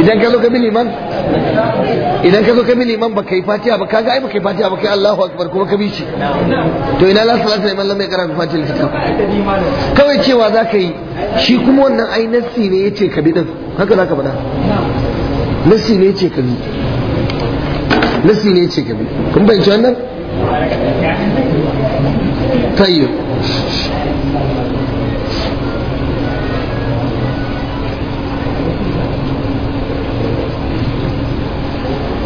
idan ka zo ka bi liman idan ka zo ka bi liman baka yi fatiha ba kaga ai baka yi fatiha ba kai Allahu akbar kuma ka bi shi to ina la salata liman lamai yaqra bi fatiha kitab kawai cewa zaka yi shi kuma wannan ai nassi ne yace ka bi din haka zaka faɗa nassi ne yace ka bi nassi ne yace ka bi kun bayyana wannan tayyib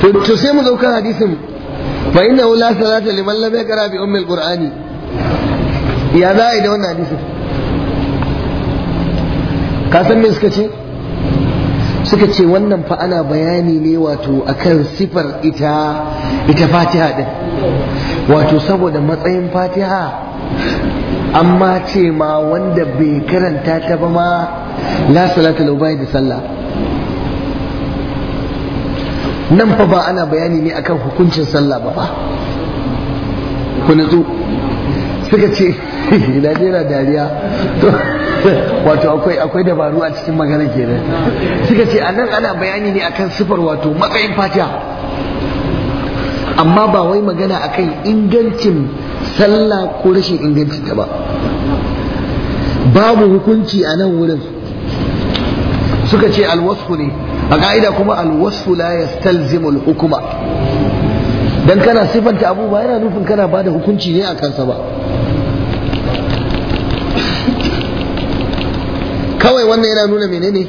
to sai mu zaukan hadisin fa inna la salata liman lam yaqra bi ummil qur'ani ya za a yi da wannan hadisin ka san me suka ce suka ce wannan fa ana bayani ne wato akan sifar ita ita fatiha din wato saboda matsayin fatiha amma ce ma wanda bai karanta ta ba ma la salata lau da sallah nan fa ba ana bayani ne akan hukuncin sallah ba ba. ku nutsu. suka ce na dariya wato akwai akwai dabaru a cikin magana kenan suka ce a nan ana bayani ne akan sifar wato matsayin fatiha amma ba wai magana akan ingancin sallah ko rashin ingancin ta ba babu hukunci a nan wurin suka ce alwasfu ne a ka'ida kuma alwasfu la yastalzimul hukuma dan kana sifanta abu ba yana nufin kana bada hukunci ne a kansa ba kawai wannan yana nuna menene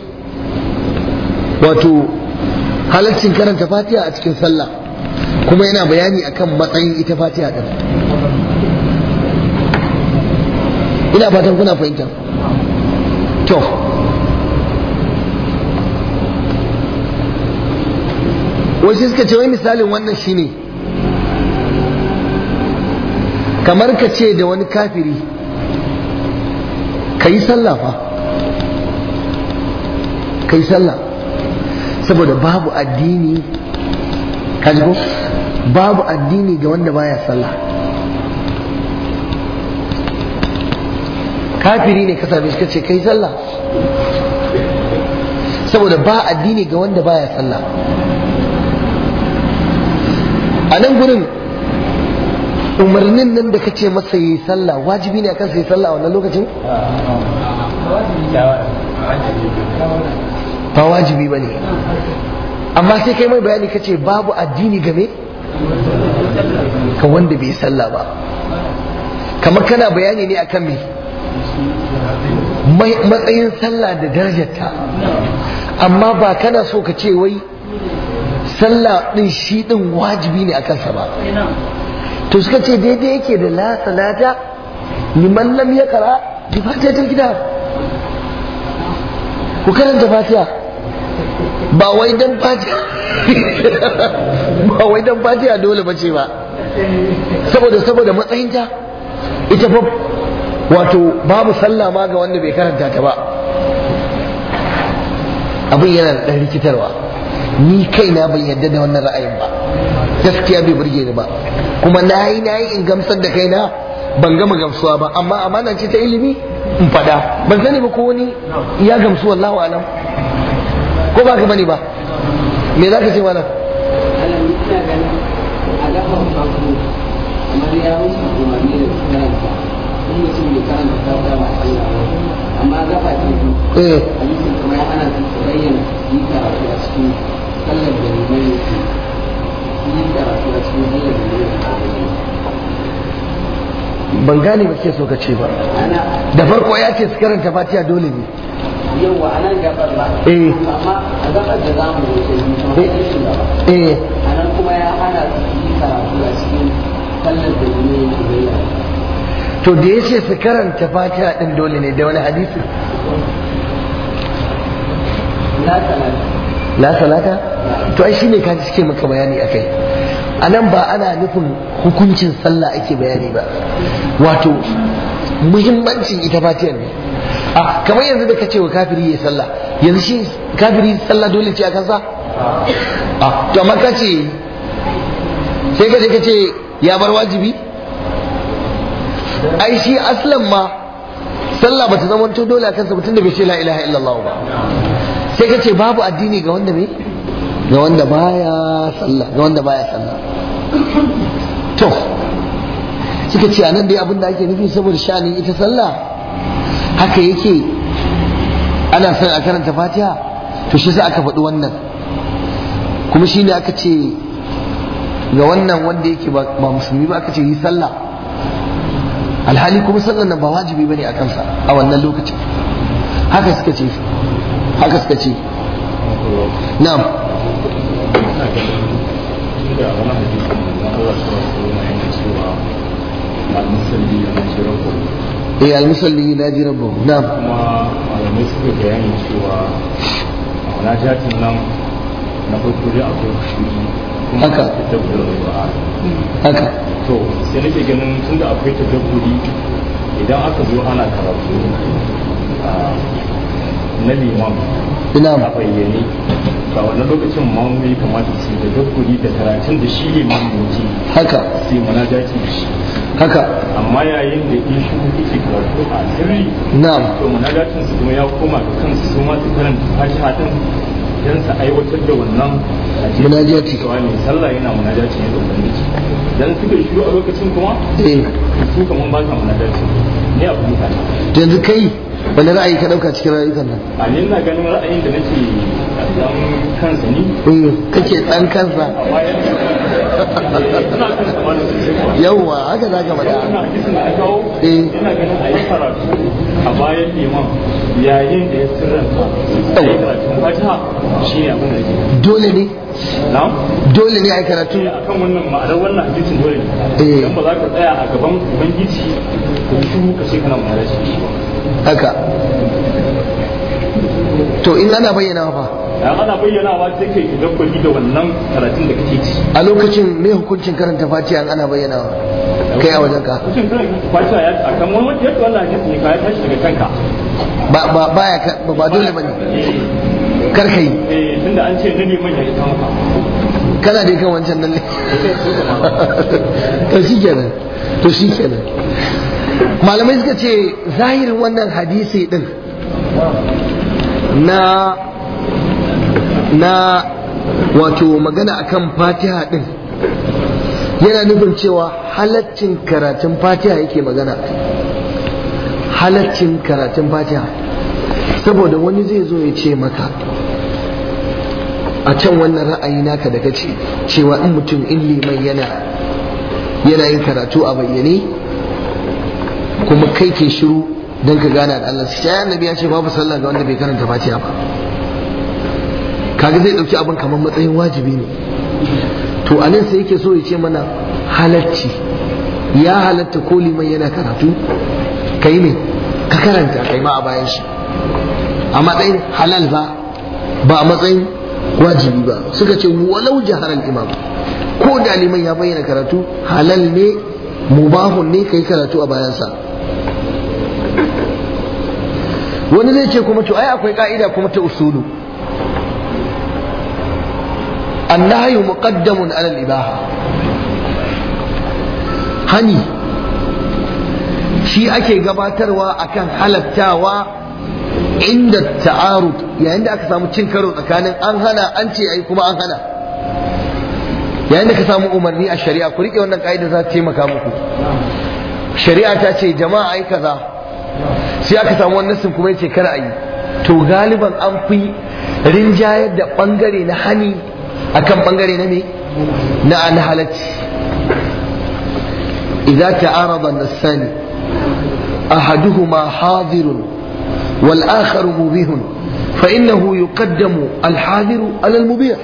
wato halaccin karanta fatiha a cikin sallah kuma yana bayani akan matsayin ita fatiha din ina fatan kuna fahimta wasu suka ce wai misalin wannan shine kamar ka ce da wani kafiri ka yi sallah fa ka yi sallah saboda babu addini kaji ko babu addini ga wanda baya sallah kafiri ne ka same shi ka yi sallah saboda ba addini ga wanda baya sallah a nan gurin umarnin nan da kace masa yi sallah wajibi ne akan sai sallah wannan lokacin ba wajibi ba ne amma sai kai mai bayani kace babu addini game ka wanda bai sallah ba kamar kana bayani ne akan me matsayin sallah da darajarta amma ba kana so ka ce wai sallah din shi din wajibi ne a kansa ba to suka ce daidai yake da la salata liman lam yakra bi ta gida ku karanta fatiha ba wai dan fatiha ba wai dan fatiha dole ba ce ba saboda saboda matsayinta ita fa wato babu sallah ma ga wanda bai karanta ta ba abin yana da rikitarwa ni kaina ban yarda da wannan ra'ayin ba gaskiya bai burge ni ba kuma na yi in gamsar da kaina ban gama gamsuwa ba amma amana ce ta ilimi in fada ban sani ba ko wani ya gamsu wallahu alam ko ba ka bani ba me za ka ce malam amma gafa ce a bisa kamar ana bayyana yi karatu a cikin sallar da ne mai yi karatu a cikin sallar da ne ban gane ba ke so ka ce ba da farko ya ce sukarin karanta fatiha dole ne yawa a nan gabar ba eh. amma a gabar da zamu wuce yi to ya shi eh. a nan kuma ya hana su yi karatu a cikin kallon da yi ne yake to da ya ce sukarin karanta fatiha din dole ne da wani hadisi na talata Na salata to ai shine ka suke maka bayani akai anan ba ana nufin hukuncin sallah ake bayani ba wato muhimmancin ita fatiyar ne a ah, kamar yanzu da kace wa kafiri ya sallah yanzu shi kafiri sallah dole ce a kansa a ah, to amma kace sai ka kace ya bar wajibi ai shi aslan ma sallah bata zama dole a kansa mutum da bai ce la ilaha illallah ba sai ka ce babu addini ga wanda mai ga wanda baya sallah ga wanda baya sallah to suka ce anan dai abin da ake nufi saboda sha'anin ita sallah haka yake ana son a karanta fatiha to shi sai aka faɗi wannan kuma shi ne aka ce ga wannan wanda yake ba musulmi ba aka ce yi sallah alhali kuma sallar nan ba wajibi bane a kansa a wannan lokacin haka suka ce shi haka suka ce na'am eh almusalli na ji rabu na kuma malamai suka bayani cewa a wani jatin nan na farko dai akwai shi kuma haka tadabburi ba haka to sai nake ganin tun da akwai tadabburi idan aka zo ana karatu na liman ina a bayyane a wannan lokacin mamu kamar kamata su da gagguri da karatun da shi ne mamu ke haka sai munajati da shi haka amma yayin da ya shi kuke karatu a sirri na'am to munajatin su kuma ya koma ga kansu su ma su karanta fatiha din dan sa aiwatar da wannan munajati to ne sallah yana munajati ne da ubangiji dan suka shiru a lokacin kuma eh su kaman ba sa munajati ne abu ne. yanzu kai wani ra'ayi ka ɗauka cikin ra'ayukan nan a ni na ganin ra'ayin da nake dan kansa ni eh, kake dan kansa yawwa haka za ka faɗa eh. ina ganin a yi karatu a bayan imam yayin da ya sirranta sai karatun fatiha shi ne abin da dole ne dole ne a karatu eh, akan wannan ma'anar wannan hadisin dole ne idan ba za ka tsaya a gaban ubangiji ka shi ka shi kana ma'anar shi haka to in ana bayyana fa ana bayyana ba sai kai idan kuɗi da wannan karatun da kake ci a lokacin me hukuncin karanta fatiha ana bayyana kai a wajen ka hukuncin karanta fatiha ya a kan wani yadda wannan hadisi ne ka ya tashi daga kanka ba ba ya ka ba dole bane eh. karka yi eh tunda an ce na ne ya ta maka kana dai kan wancan nan ne to shi kenan to shi kenan malamai suka ce zahirin wannan hadisi din na na wato magana akan fatiha din yana nufin cewa halaccin karatun fatiha yake magana halaccin karatun fatiha saboda wani zai zo ya ce maka a can wannan ra'ayi naka da kace cewa in mutum in liman yana yana yin karatu a bayyane kuma kai ke shiru don ka gana da Allah sai annabi ya ce babu sallah ga wanda bai karanta fatiha ba kaga zai dauki abin kamar matsayin wajibi ne to anan sai yake so ya ce mana halarci ya halatta ko liman yana karatu kai ne ka karanta kai ma a bayan shi a matsayin halal ba ba a matsayin wajibi ba suka ce walau jaharan imam ko da liman ya bayyana karatu halal ne mubahun ne kai karatu a bayansa wani zai ce kuma to ai akwai ka'ida kuma ta usulu annahyu muqaddamun ala al-ibaha hani shi ake gabatarwa akan halattawa inda ta'arud yayin da aka samu cin karo tsakanin an hana an ce ai kuma an hana yayin da ka samu umarni a shari'a ku rike wannan ka'ida za ta taimaka muku shari'a ta ce jama'a ai kaza sai aka samu wannan sun kuma yace kar a yi to galiban an fi rinjayar da bangare na hani akan bangare na me na an halacci idza ta'arada nassani ahaduhuma hadirun wal akhar mubihun fa innahu yuqaddamu al hadiru ala al mubih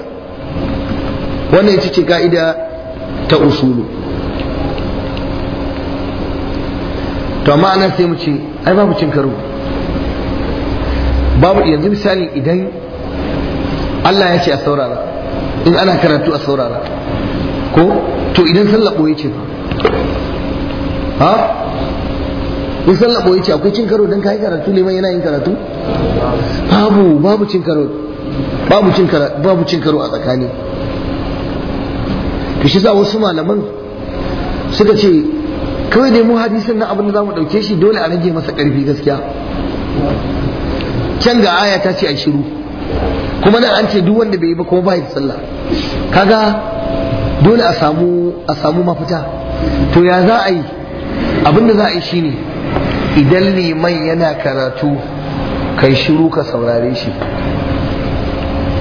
wannan ita ce ka'ida ta usulu to amma ana sai mu ce ai babu cin karo babu yanzu misali idan Allah ya ce a saurara in ana karatu a saurara ko to idan sallah boye ce fa ha in sallah boye ce akwai cin karo dan kai karatu liman yana yin karatu babu babu cin karo babu cin karo babu cin karo a tsakani kishi shi wasu malaman suka ce kawai dai mu hadisin nan abin da zamu dauke shi dole a rage masa karfi gaskiya can ga aya ta ce a shiru kuma nan an ce duk wanda bai yi ba kuma ba da sallah kaga dole a samu a samu mafita to ya za a yi abin da za a yi shine idan liman yana karatu kai shiru ka saurare shi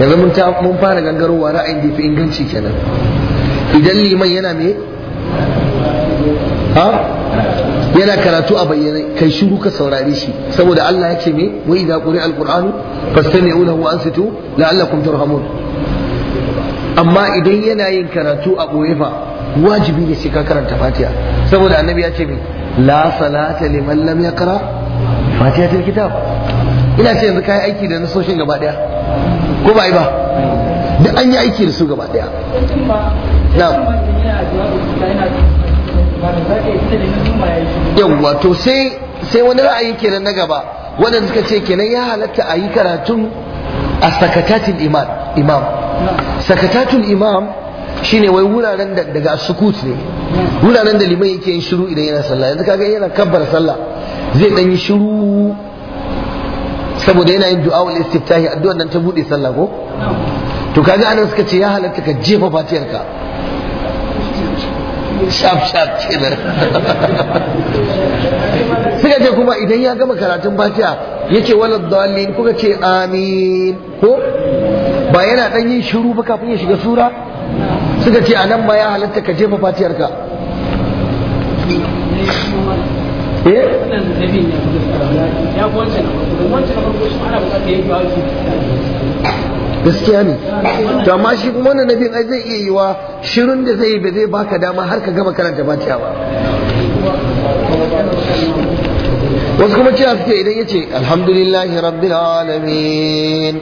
yanzu mun fara gangarowa ra'ayin da fi inganci kenan idan liman yana me yana karatu a bayyane kai shiru ka saurare shi saboda Allah ya ce me wai idza quri alquranu fastami'u lahu wa ansitu la'allakum turhamun amma idan yana yin karatu a boye fa wajibi ne sai ka karanta fatiha saboda annabi ya ce me la salata liman lam yaqra fatihatul kitab ina ce yanzu kai aiki da nasoshin gaba daya ko ba yi ba da an yi aiki da su gaba daya na'am Yau to sai wani ra'ayi kenan na gaba wanda suka ce kenan ya halatta a yi karatun a sakatatul imam imam sakatatul imam shine wai wuraren daga sukut ne wuraren da liman yake yin shiru idan yana sallah yanzu kaga yana kabbar sallah zai dan yi shiru saboda yana yin du'a wal istiftahi addu'ar nan ta bude sallah ko to kaga anan suka ce ya halatta ka jefa fatiyarka shaf shaf kenan suka ce kuma idan ya gama karatun fatiha ya ce wala dalin kuka ce amin ko ba yana dan yin shiru ba kafin ya shiga sura suka ce anan ba ya halatta ka jefa fatiyar ka eh gaskiya ne to amma shi kuma wannan nabin ai zai iya yiwa shirin da zai ba zai baka dama har ka gama karanta fatiha ba wasu kuma cewa suke idan yace alhamdulillahi rabbil alamin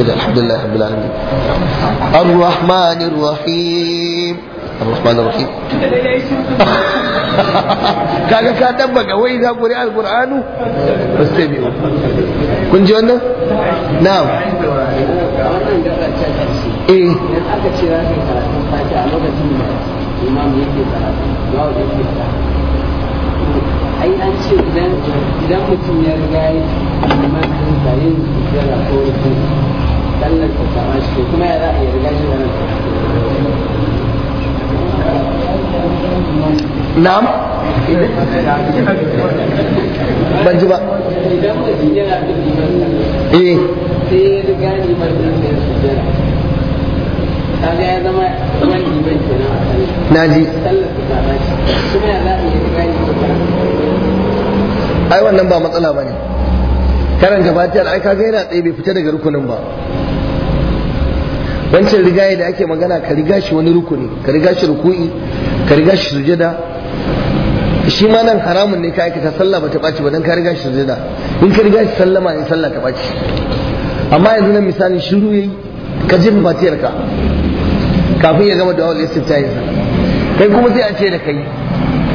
kaje alhamdulillahi rabbil alamin arrahmanir rahim الرحمن الرحيم ka tabbaka wai za ku ri'al qur'anu fastami'u kun ka eh. mutum na'am ban ji ba eh. na ji ai wannan ba matsala ba ne karanta fatiyar ai kaga yana tsaye bai fita daga rukunin ba wancan rigaya da ake magana ka riga shi wani rukuni ka riga shi ruku'i ka riga shi sujada shi ma nan haramun ne ka aikata sallah ba ta ɓaci ba dan ka riga shi sujada in ka riga shi sallama in sallah ta ɓaci amma yanzu nan misali shiru yayi ka jin fatiyar ka kafin ya gama du'a istiftahi kai kuma sai a ce da kai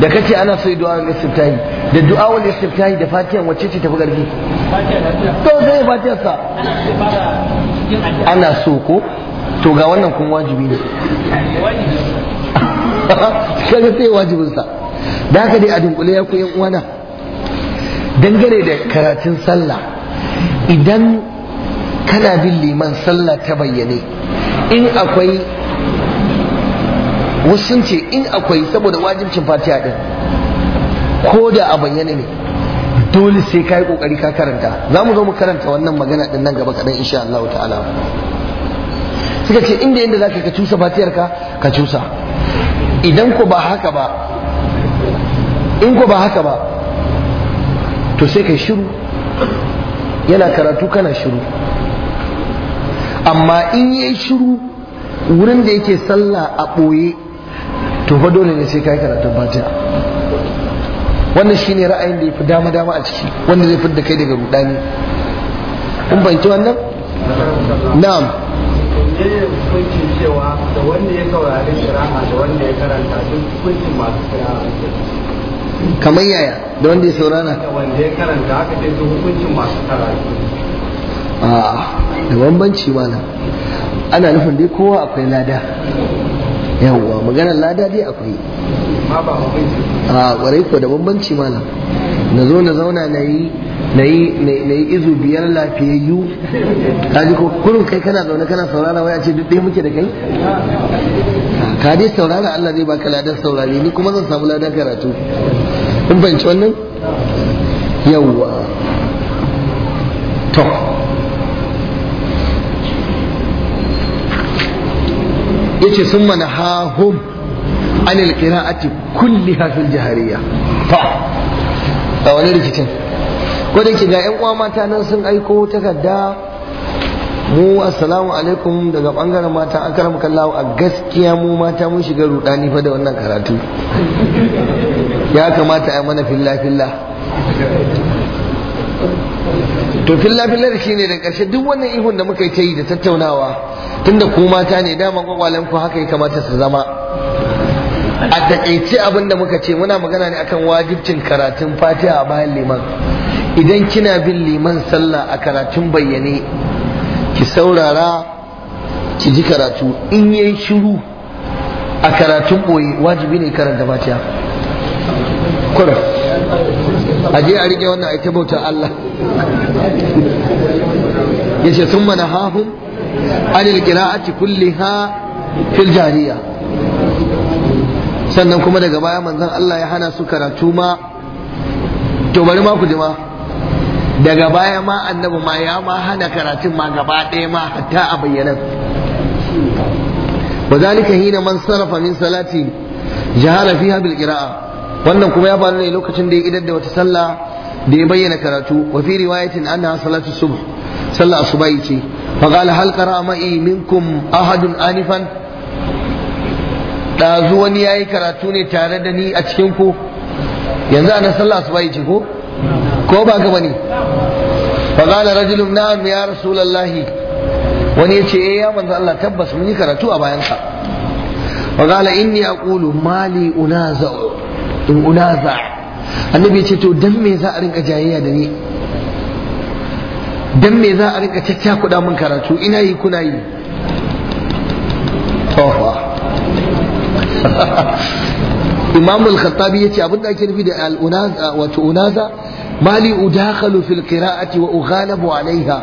da kace ana so du'a istiftahi da du'a istiftahi da fatiyan wacce ce tafi garbi to sai fatiyar sa ana so ko to ga wannan kun wajibi ne kaga sai wajibinsa da haka dai a dunkule ya ku yan uwana dangane da karatun sallah idan kana bin liman sallah ta bayyane in akwai wasu ce in akwai saboda wajibcin fatiha din ko da a bayyane ne dole sai ka yi kokari ka karanta za mu zo mu karanta wannan magana din nan gaba kadan insha Allah ta'ala suka ce inda yadda za ka cusa fatiyar ka ka cusa idan ko ba haka ba in ko ba haka ba to sai ka shiru yana karatu kana shiru amma in yi shiru wurin da yake sallah a ɓoye to fa dole ne sai ka karatu karatun fatiha wannan shine ra'ayin da ya fi dama dama a ciki wanda zai fi da kai daga rudani in banki wannan na'am menene hukuncin da wanda ya saurari kira'a da wanda kamar yaya da wanda ya saurana a ah, da bambanci mana ana nufin dai kowa akwai lada yawwa maganar lada dai akwai a kwarai ko da bambanci mana na zo na zauna na yi na yi izu biyar lafiyayyu kaji ko kullum kai kana zaune kana saurara waya ce duk muke da kai ka dai saurara Allah zai baka ladan saurari ni kuma zan samu ladan karatu in banci wannan yawwa to yace sun mana hahum anil qira'ati kulliha fil jahariya to a wani rikicin ko da ga yan uwa mata nan sun aiko takarda mu assalamu alaikum daga bangaren mata an karam kallawa a gaskiya mu mata mun shiga rudani fa da wannan karatu ya kamata a mana filla filla to filla filla da shine da karshe duk wannan ihun da muka yi ta yi da tattaunawa tunda ku mata ne dama kwakwalen ku haka ya kamata su zama a takaici abin da muka ce muna magana ne akan wajibcin karatun fatiha a bayan liman idan kina bin liman sallah a karatun bayyane ki saurara ki ji karatu in yayi shiru a karatun boye wajibi ne karanta fatiha kura a je a rike wannan aita bauta Allah yace sun mana hahun anil qira'ati kulliha fil jariya sannan kuma daga baya manzon Allah ya hana su karatu ma to bari ma ku ji ma daga baya ma annabi ma ya ma hana karatun ma gaba ɗaya ma hatta a bayyana wa zalika hina man sarafa min salati jahara fiha bil qira'a wannan kuma ya faru ne lokacin da ya idar da wata sallah da ya bayyana karatu wa fi riwayatin anna salatu subh sallah asubai ce fa qala hal qara'a ma'i minkum ahadun anifan ɗazu wani yayi karatu ne tare da ni a cikin ku yanzu ana sallah asubai ce ko ko ba ka bane fa qala rajulun na'am ya rasulullahi wani yace eh ya manzo Allah tabbas mun yi karatu a bayan sa fa qala inni aqulu mali unaza in unaza annabi yace to dan me za a rinka jayayya da ni dan me za a rinka kuɗa min karatu ina yi kuna yi tofa imam al-khattabi yace abin da ake nufi da al-unaza wato unaza mali udakhalu fil qira'ati wa ughalabu alaiha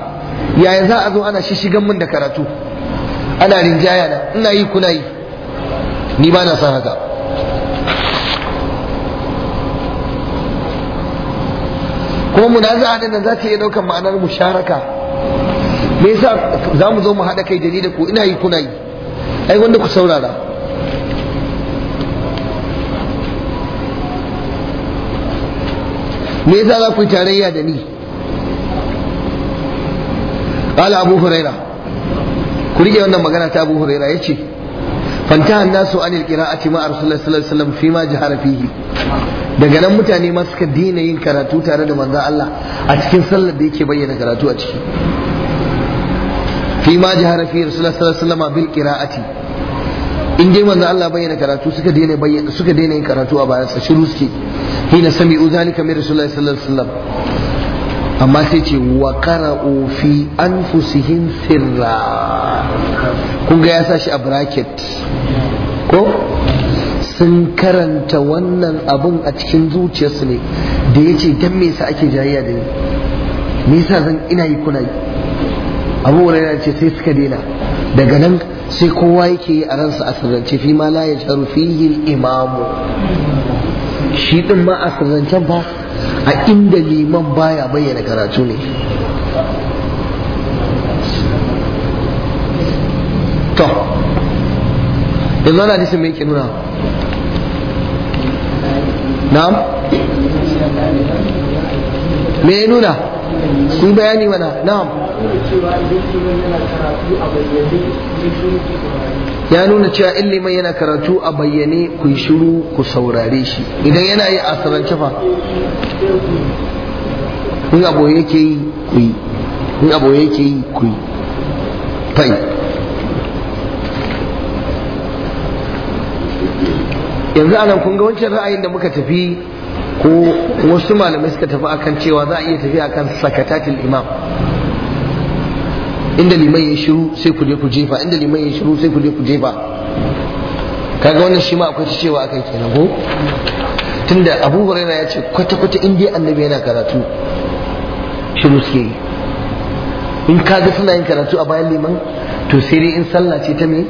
yaya za a zo ana shishigan min da karatu ana rinjaya na ina yi kuna yi ni ba na san haka kuma munaza'a nan za zata iya daukan ma'anar musharaka me yasa za mu zo mu haɗa kai da da ku ina yi kuna yi ai wanda ku saurara me yasa za ku yi tarayya da ni qala abu huraira ku rike wannan magana ta abu huraira yace fantaha nasu anil qira'ati ma rasulullahi sallallahu alaihi wasallam fi ma jahara fihi daga nan mutane ma suka daina yin karatu tare da manzon Allah a cikin sallar da yake bayyana karatu a ciki fi ma jahara fihi rasulullahi sallallahu alaihi wasallam bil qira'ati in dai manzon Allah bayyana karatu suka daina bayyana suka dina yin karatu a sa shiru suke hina sami'u zalika min rasulullahi sallallahu alaihi wasallam amma sai ce wa ofi an anfusihim sirra kun ga ya sashi a bracket ko sun karanta wannan abun a cikin zuciyarsu ne da ya ce dan me yasa ake jayayya da ni me yasa zan ina yi kuna yi abu wani ce sai suka daina daga nan sai kowa yake yi a ransa a sirrance fi ma la ya sharu fihi imamu shi din ma a zancen ba a inda liman baya bayyana karatu ne to yanzu ana nisa mai nuna na'am me ya nuna ku bayani mana na'am ya nuna cewa in liman yana karatu a bayyane ku yi shiru ku saurare shi idan yana yi a sarance fa in abu yake yi ku yi in abu yake yi ku yi fai. yanzu anan kun ga wancan ra'ayin da muka tafi ko wasu malamai suka tafi akan cewa za a iya tafi akan sakatatul imam inda liman ya shiru sai ku je ku jefa inda liman ya shiru sai ku je ku jefa kaga wannan shi ma akwai ta cewa akai kenan ko tunda Abu Hurairah ya ce kwata kwata in dai annabi yana karatu shiru suke yi in kaga suna yin karatu a bayan liman to sai dai in sallah ce ta me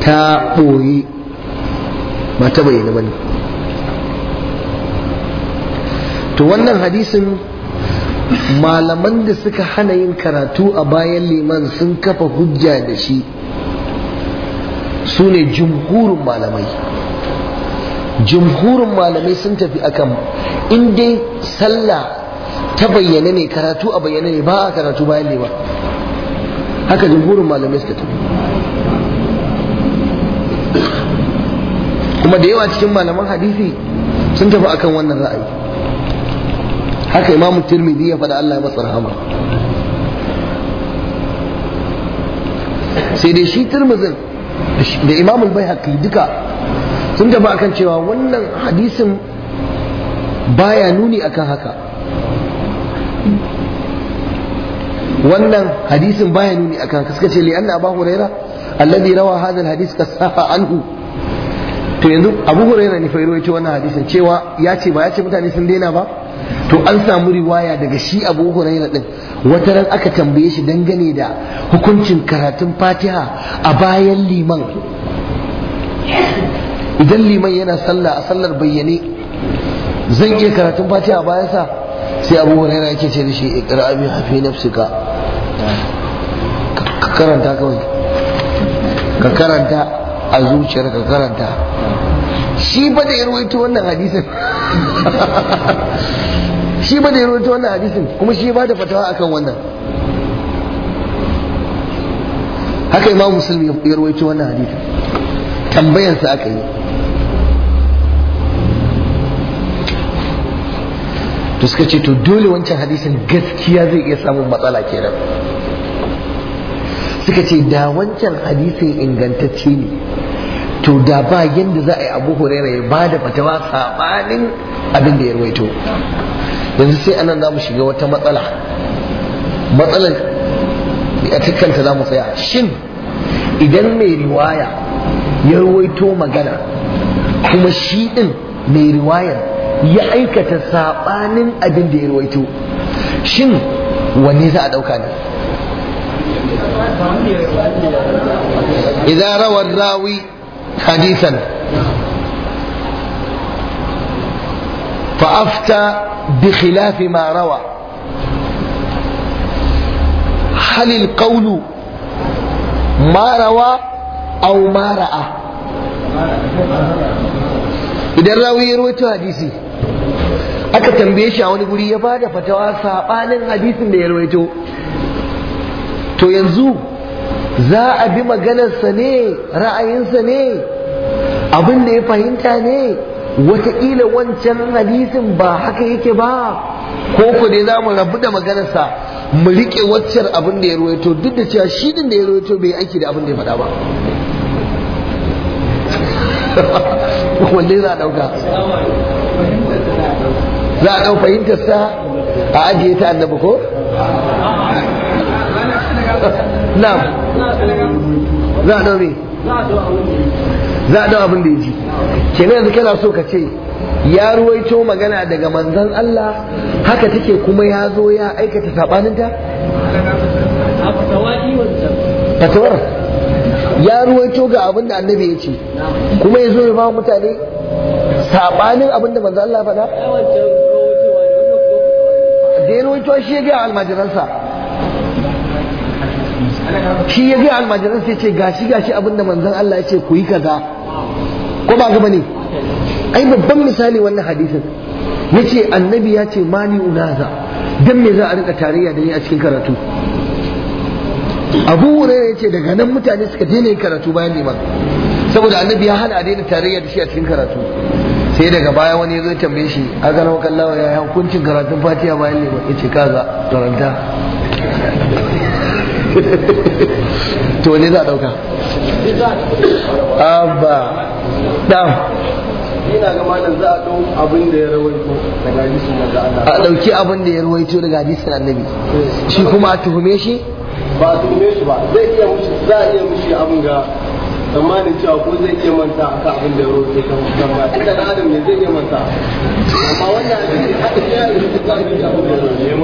ta boye ba ta bayyana bane to wannan hadisin malaman da suka hana yin karatu a bayan liman sun kafa hujja da shi su ne jumhurin malamai jumhurin malamai sun tafi akan in dai sallah ta bayyane ne karatu a bayyane ne ba a karatu bayan liman haka jumhurin malamai suka tafi kuma da yawa cikin malaman hadisi sun tafi akan wannan ra'ayi haka imamu tirmidhi ya faɗa Allah ya masa rahama sai dai shi tirmidhin da imamul baihaqi duka sun tafi akan cewa wannan hadisin baya nuni akan haka wannan hadisin baya nuni akan haka suka ce li anna abu huraira alladhi rawa hadha alhadith kasaha anhu to yanzu abu huraira ne fa ya wannan hadisin cewa ya ce ba ya ce mutane sun daina ba to an samu riwaya daga shi abu huraira din wata ran aka tambaye shi dangane da hukuncin karatun fatiha a bayan liman idan liman yana sallah a sallar bayyane zan iya karatun fatiha a bayansa sai abu huraira yake ce da shi iqra bi hafi nafsika ka karanta kawai ka karanta a zuciyar ka karanta shi ba da ya wannan hadisin shi ba da yi rawaito wannan hadisin kuma shi ba da fatawa akan wannan haka imam musulmi ya rawaito wannan hadisin tambayansa aka yi to suka ce to dole wancan hadisin gaskiya zai iya samun matsala kenan suka ce da wancan hadisin ingantacce ne to da ba yadda za a yi abu huraira ya ba da fatawa saɓanin abin da ya ruwaito yanzu sai anan za mu shiga wata matsala matsalar ya tukanta za mu tsaya shin idan mai riwaya ya ruwaito magana kuma shi ɗin mai riwayar ya aikata saɓanin abin da ya ruwaito shin wanne za a ɗauka ne إذا روى الراوي hadisan فأفتى بخلاف ما روى هل القول ما روى أو ما رأى idan rawi ya rawaito hadisi aka tambaye shi a wani guri ya bada fatawa sabanin hadisin da ya rawaito to yanzu za a bi maganarsa ne ra'ayinsa ne abin da ya fahimta ne wataƙila wancan hadisin ba haka yake ba ko ku ne za mu rabu da maganarsa mu riƙe waccar abin da ya ruwaito duk da cewa shi din da ya ruwaito bai aiki da abin da ya faɗa ba wanne za a ɗauka za a ɗau fahimtarsa a ajiye ta annabi ko na'am za a daure za ya ji kenan yanzu kana so ka ce ya ruwaito magana daga manzon Allah haka take kuma ya zo ya aikata sabaninta fatawar ya ruwaito ga abin annabi ya ce kuma ya zo ya ba mutane sabanin abin da manzon Allah faɗa da ya ruwaito shi ya ga almajiransa shi ya ga almajiran sai ce gashi gashi abinda manzon Allah ya ce ku yi kaza ko ba gaba ne ai babban misali wannan hadisin yace annabi ya ce mani unaza dan me za a rika tarayya da ni a cikin karatu abu hurairah yace daga nan mutane suka daina yin karatu bayan liman saboda annabi ya hana a daina tarayya da shi a cikin karatu sai daga baya wani ya zo tambaye shi a ganin wakan lawa ya hukuncin karatun fatiha bayan liman ya ce kaza karanta to ne za a dauka abba dam a ɗauki abin da ya rawaito daga hadisin Allah a annabi shi kuma a tuhume shi ba a tuhume shi ba zai iya mushi abin ga tsammanin cewa ko zai iya manta a kan abin da ya roƙe kan hukumar ba inda na adam ne zai iya manta amma wannan abin da aka yi ya rufe ta abin da abin da ya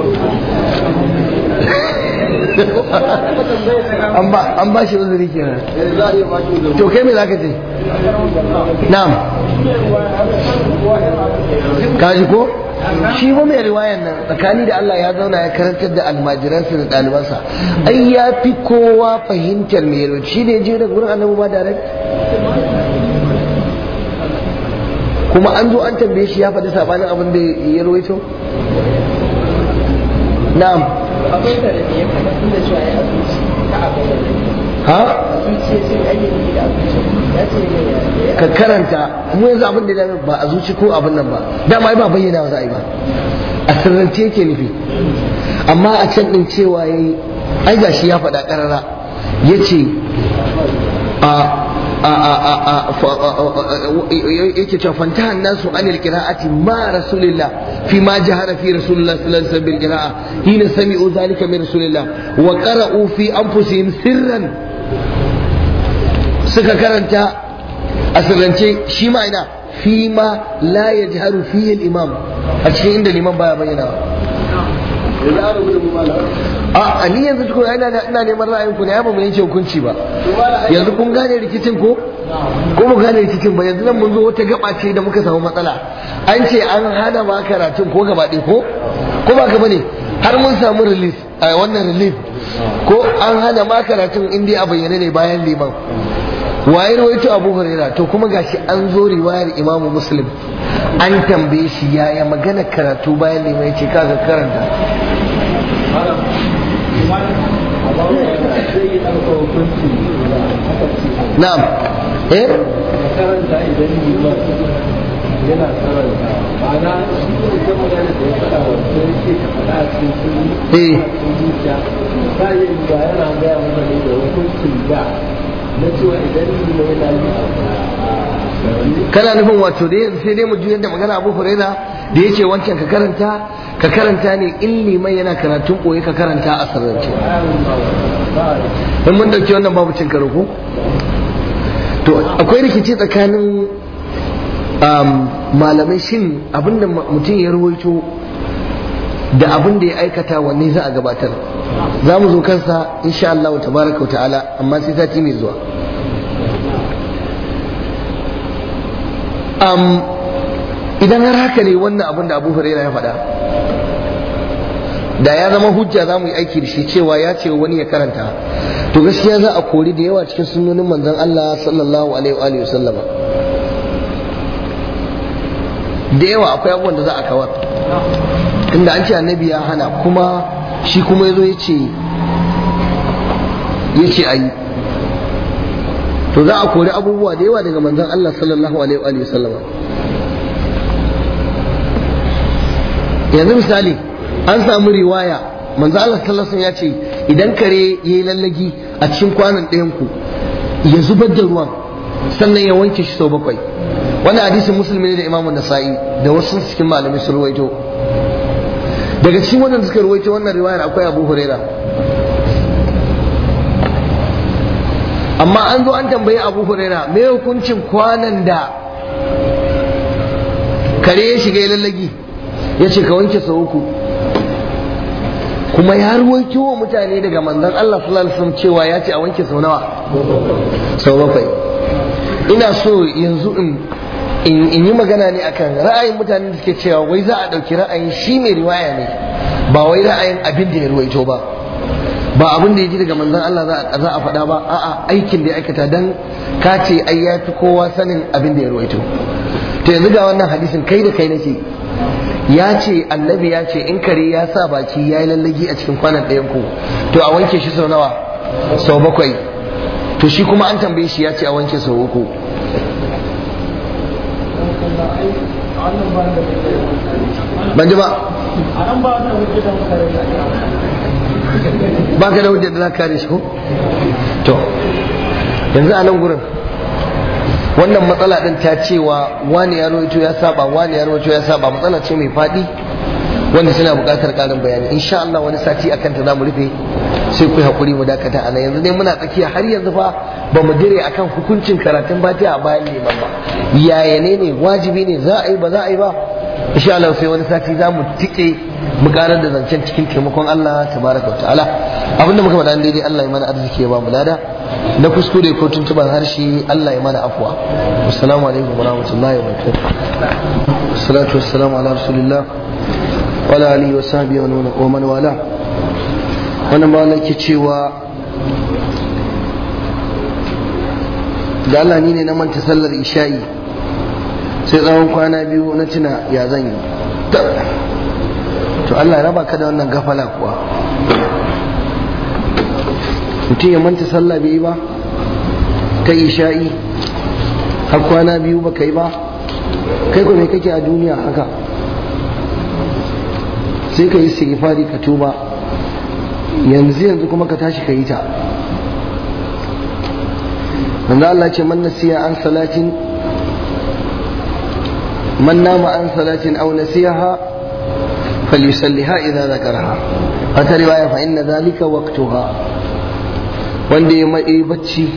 roƙe an ba shi uzuri nan eh, to kai me zaka ce na'am ka ji ko shi ba mai riwayan nan tsakani da Allah ya zauna ya karantar da almajiransa da ɗalibansa ai ya fi kowa fahimtar mai yaro shi ne je da gurin annabi ba direct kuma an zo an tambaye shi ya faɗi sabanin abin da ya rawaito na'am ha ka karanta mu yanzu abin da dama ba a zuci ko abin nan ba dama ba bayyana za a yi ba a sirrance yake nufi amma a can din cewa yayi ai shi ya faɗa ƙarara ya ce a yake cewa hannun su anil qira'ati ma rasulillah fi ma jahara fi rasulillah sallallahu alaihi wasallam bil qira'a hina sami'u zalika min rasulillah wa qara'u fi anfusihim sirran suka karanta a sirrance shi ina fi ma la ya fiye imam a cikin inda liman baya bayyana ba a ni yanzu cikin ina ina neman ra'ayin ku ne ya mu yanke hukunci ba yanzu kun gane rikicin ko ko mu gane rikicin ba yanzu nan mun zo wata gaba ce da muka samu matsala an ce an hana ma karatun ko gaba ko ko ba ka bane har mun samu relief a wannan relief ko an hana ma karatun a bayyane ne bayan liman waye rawaito abu huraira to kuma gashi an zo riwayar imamu muslim an tambaye shi yaya magana karatu bayan liman yace ce kaga karanta na'am eh yana karanta na shi ne ta magana da ya faɗa wa ta yake ka faɗa a cikin sirri eh. a cikin zuciya ta yi ba yana gaya mana ne da hukuncin da na cewa idan ni mai yana yi a kana nufin wato dai sai dai mu ji yadda magana Abu Huraira da yace wancan ka karanta ka karanta ne in liman yana karatun koyi ka karanta a sarrance in mun dauki wannan babu cin karo ko to akwai rikici tsakanin malamai shin abinda mutum ya ruwaito da abin da ya aikata wanne za a gabatar za mu zo kansa insha Allah tabaraka wa ta'ala amma sai sati mai zuwa idan har haka ne wannan abin da Abu Hurairah ya faɗa da ya zama hujja za mu yi aiki da shi cewa ya ce wani ya karanta to gaskiya za a kori da yawa cikin sunnonin manzon Allah sallallahu alaihi wa da yawa akwai abubuwan da za a kawar inda an ce annabi ya hana kuma shi kuma ya zo ya ce ya ce a yi to za a kori abubuwa da yawa daga manzon Allah sallallahu alaihi wa sallama yanzu misali an samu riwaya manzon Allah sallallahu alaihi ya ce idan kare ya yi lallagi a cikin kwanan ɗayanku ya zubar da ruwan sannan ya wanke shi sau bakwai wannan hadisin musulmi ne da imamun nasa'i da wasu cikin malamai sun ruwaito daga cikin wannan suka ruwaito wannan riwayar akwai abu huraira amma an zo an tambayi abu huraira me hukuncin kwanan da kare ya shiga lallagi ya ce ka wanke sau uku kuma ya ruwaito wa mutane daga manzon Allah sallallahu alaihi cewa ya ce a wanke sau nawa sau bakwai ina so yanzu in in yi magana ne akan ra'ayin mutane da suke cewa wai za a ɗauki ra'ayin shi mai riwaya ne ba wai ra'ayin abin da ya ruwaito ba ba abin da ya ji daga manzon Allah za a faɗa ba a'a aikin da ya aikata dan ka ce ai ya fi kowa sanin abin da ya ruwaito to yanzu ga wannan hadisin kai da kai nake ya ce annabi ya ce in kare ya sa baki ya yi lallagi a cikin kwanan ɗayan ku to a wanke shi sau nawa sau bakwai to shi kuma an tambaye shi ya ce a wanke sau uku ban ba ka da hujjar da za ka kare shi ko to yanzu a nan gurin wannan matsala din ta cewa wani ya rawaito ya saba wani ya rawaito ya saba matsala ce mai faɗi wanda suna bukatar ƙarin bayani insha Allah wani sati akan ta zamu rufe sai ku hakuri mu dakata a nan yanzu dai muna tsakiya har yanzu fa ba mu dire akan hukuncin karatun batiya a bayan liman ba yaya ne ne wajibi ne za a yi ba za a yi ba insha Allah sai wani sati za mu tike mu karar da zancen cikin taimakon Allah tabaraka ta'ala abinda muka faɗa daidai Allah ya mana arziki ya ba mu lada na kuskure ko tuntuban harshe Allah ya mana afwa assalamu alaikum wa rahmatullahi wa barakatuh salatu wassalamu ala rasulillah wa ala alihi wa sahbihi wa man wala wani malaki cewa da Allah ni ne na manta sallar isha'i sai tsawon kwana biyu na tuna ya zan yi to Allah raba ka da wannan gafala kuwa mutum ya manta sallah bai yi ba ta isha'i har kwana biyu ba kai ba kai kuma kake a duniya haka sai ka yi sigifari ka tuba yanzu yanzu kuma ka tashi ka yi ta manzo Allah ce man nasiya an salatin man nama an salatin aw nasiyaha falyusalliha idza zakaraha wata riwaya fa inna zalika waqtuha wanda ya mai bacci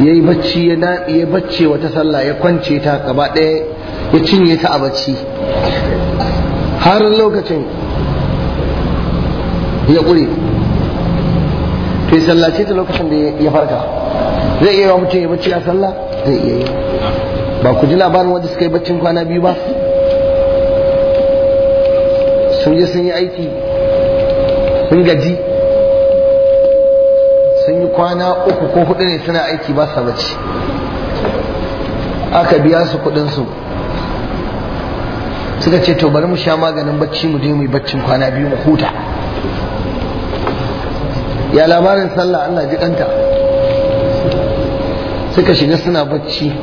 ya yi bacci ya daɗi ya bacce wata sallah ya kwance ta gaba ɗaya ya cinye ta a bacci har lokacin ya ƙure to ya sallace ta lokacin da ya farka zai iya yi wa mutum ya bacci a sallah zai iya yi ba ku ji labarin wanda suka yi baccin kwana biyu ba sun je sun yi aiki sun gaji sun yi kwana uku ko hudu ne suna aiki ba sa bacci aka biya su kudinsu suka ce to bari mu sha maganin bacci mu je mu yi baccin kwana biyu mu huta ya labarin sallah Allah ji kanta suka shiga suna bacci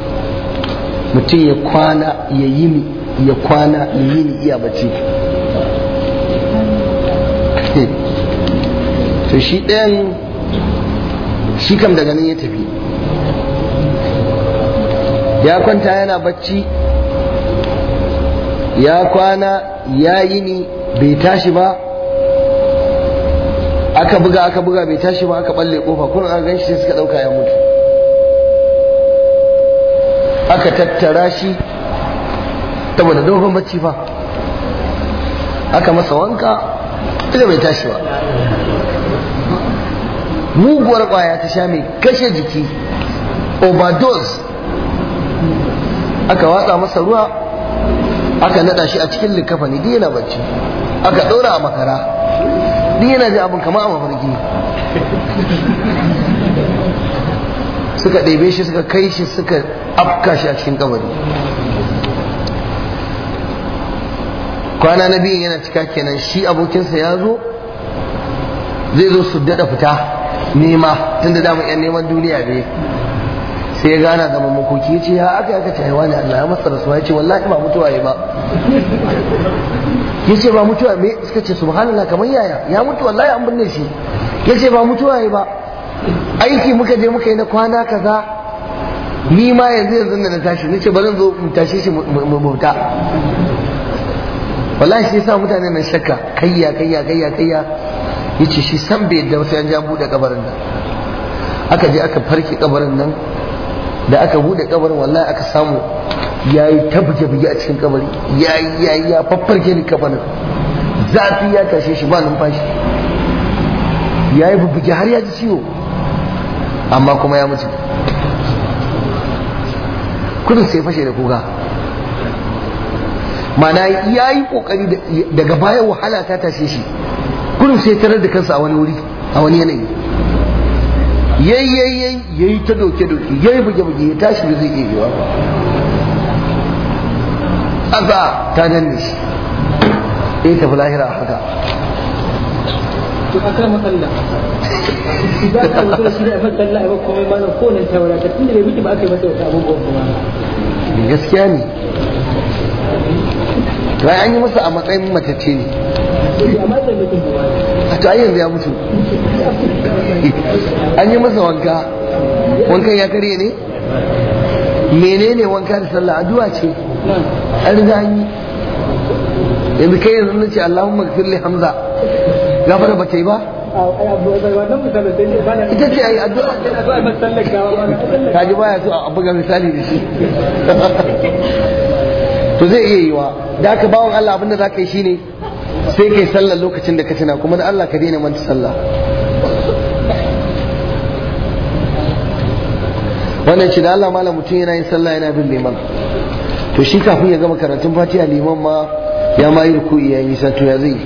mutum ya kwana ya ni ya kwana ya ni iya bacci to shi ɗayan shi kam daga nan ya tafi ya kwanta yana bacci ya kwana ya yi ni bai tashi ba aka buga aka buga bai tashi ba aka balle kofa kurin an ganshi sai suka dauka ya mutu aka tattara shi saboda dogon bacci fa aka masa wanka ita bai tashi ba muguwar kwaya ta sha mai kashe jiki overdose aka watsa masa ruwa aka nada shi a cikin likafani duk yana bacci aka ɗora a makara duk yana ji abin kama a mafarki suka ɗebe shi suka kai shi suka afka shi a cikin kabari kwana na biyu yana cika kenan shi abokinsa ya zo zai zo su daɗa fita nema tun da damar yan neman duniya ne sai ya gana da mamakoki ya ce ya aka aka ta haiwa ne Allah ya masa rasuwa ya ce wallahi ba mutuwa ya ba ya ce ba mutuwa me suka ce subhanallah kamar yaya ya mutu wallahi an binne shi ya ce ba mutuwa ya ba aiki muka je muka yi na kwana kaza ni ma yanzu yanzu da na tashi ni ce zan zo mu tashi shi mu bauta wallahi shi yasa mutane na shakka kayya kayya kayya kayya yace shi san bai da wasu an ja bude kabarin nan aka je aka farke kabarin nan da aka bude kabarin wallahi aka samu yayi tabuje buge a cikin kabari yayi yayi ya faffarke ni kafanin zafi ya tashe shi ba numfashi yayi bubbuge har ya ji ciwo amma kuma ya mutu kudin sai fashe da kuga mana ya yi kokari daga baya wahala ta tashe shi kudin sai tarar da kansa a wani wuri a wani yanayi yayi yayi yayi ta doke doke yayi buge buge ya tashi da zai iya yiwa ta danne shi eh ta lahira haka to ta ba aka yi masa gaskiya ne to yi masa a matsayin matacce ne amma da mutum to ai yanzu ya mutu an yi masa wanka wankan ya kare ne menene wanka da sallah addu'a ce an riga an yi yanzu kai yanzu na ce Allahumma gfirli Hamza gafara ba ta yi ba ita ce yi addu'a ta ji baya so a buga misali da shi to zai iya yi wa? da aka bawon Allah abinda za ka yi ne? sai kai sallar lokacin da ka tuna kuma da Allah ka daina manta sallah wannan ce da Allah malam mutum yana yin sallah yana bin liman to shi kafin ya gama karatun fatiha liman ma ya ma yi ruku'i ya yi sato ya zai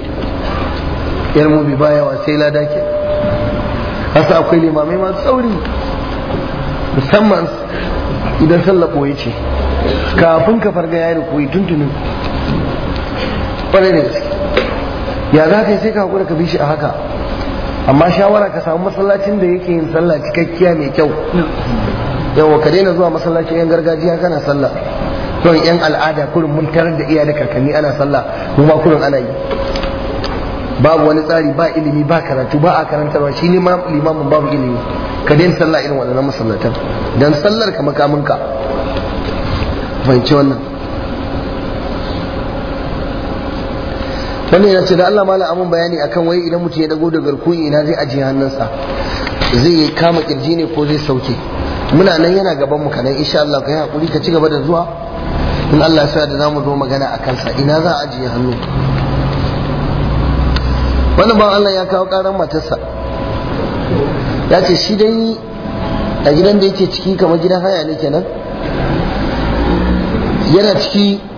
yar baya wa sai lada ke hasa akwai limamai masu sauri musamman idan sallah ɓoye ce kafin ka farga ya yi ruku'i tuntunin ƙwarai da gaske ya za ka yi sai ka haƙura ka bi shi a haka amma shawara ka samu masallacin da yake yin sallah cikakkiya mai kyau yawa ka daina zuwa masallacin yan gargajiya kana sallah don yan al'ada kurin mun tarar da iya da kakanni ana sallah mu ma kurin ana yi babu wani tsari ba ilimi ba karatu ba a karantarwa shi ne limamin babu ilimi ka daina sallah irin waɗannan masallatan dan sallar ka makaminka ka fahimci wannan Wani yana ce da Allah mala amin bayani akan wai idan mutum ya dago da garkuwi ina zai ajiye hannunsa zai kama kirji ne ko zai sauke muna nan yana gaban mu kanan insha Allah kai hakuri ka ci gaba da zuwa in Allah ya da zamu zo magana a kansa ina za a ajiye hannu wannan ba Allah ya kawo karan matarsa ya ce shi dai a gidan da yake ciki kamar gidan haya ne kenan yana ciki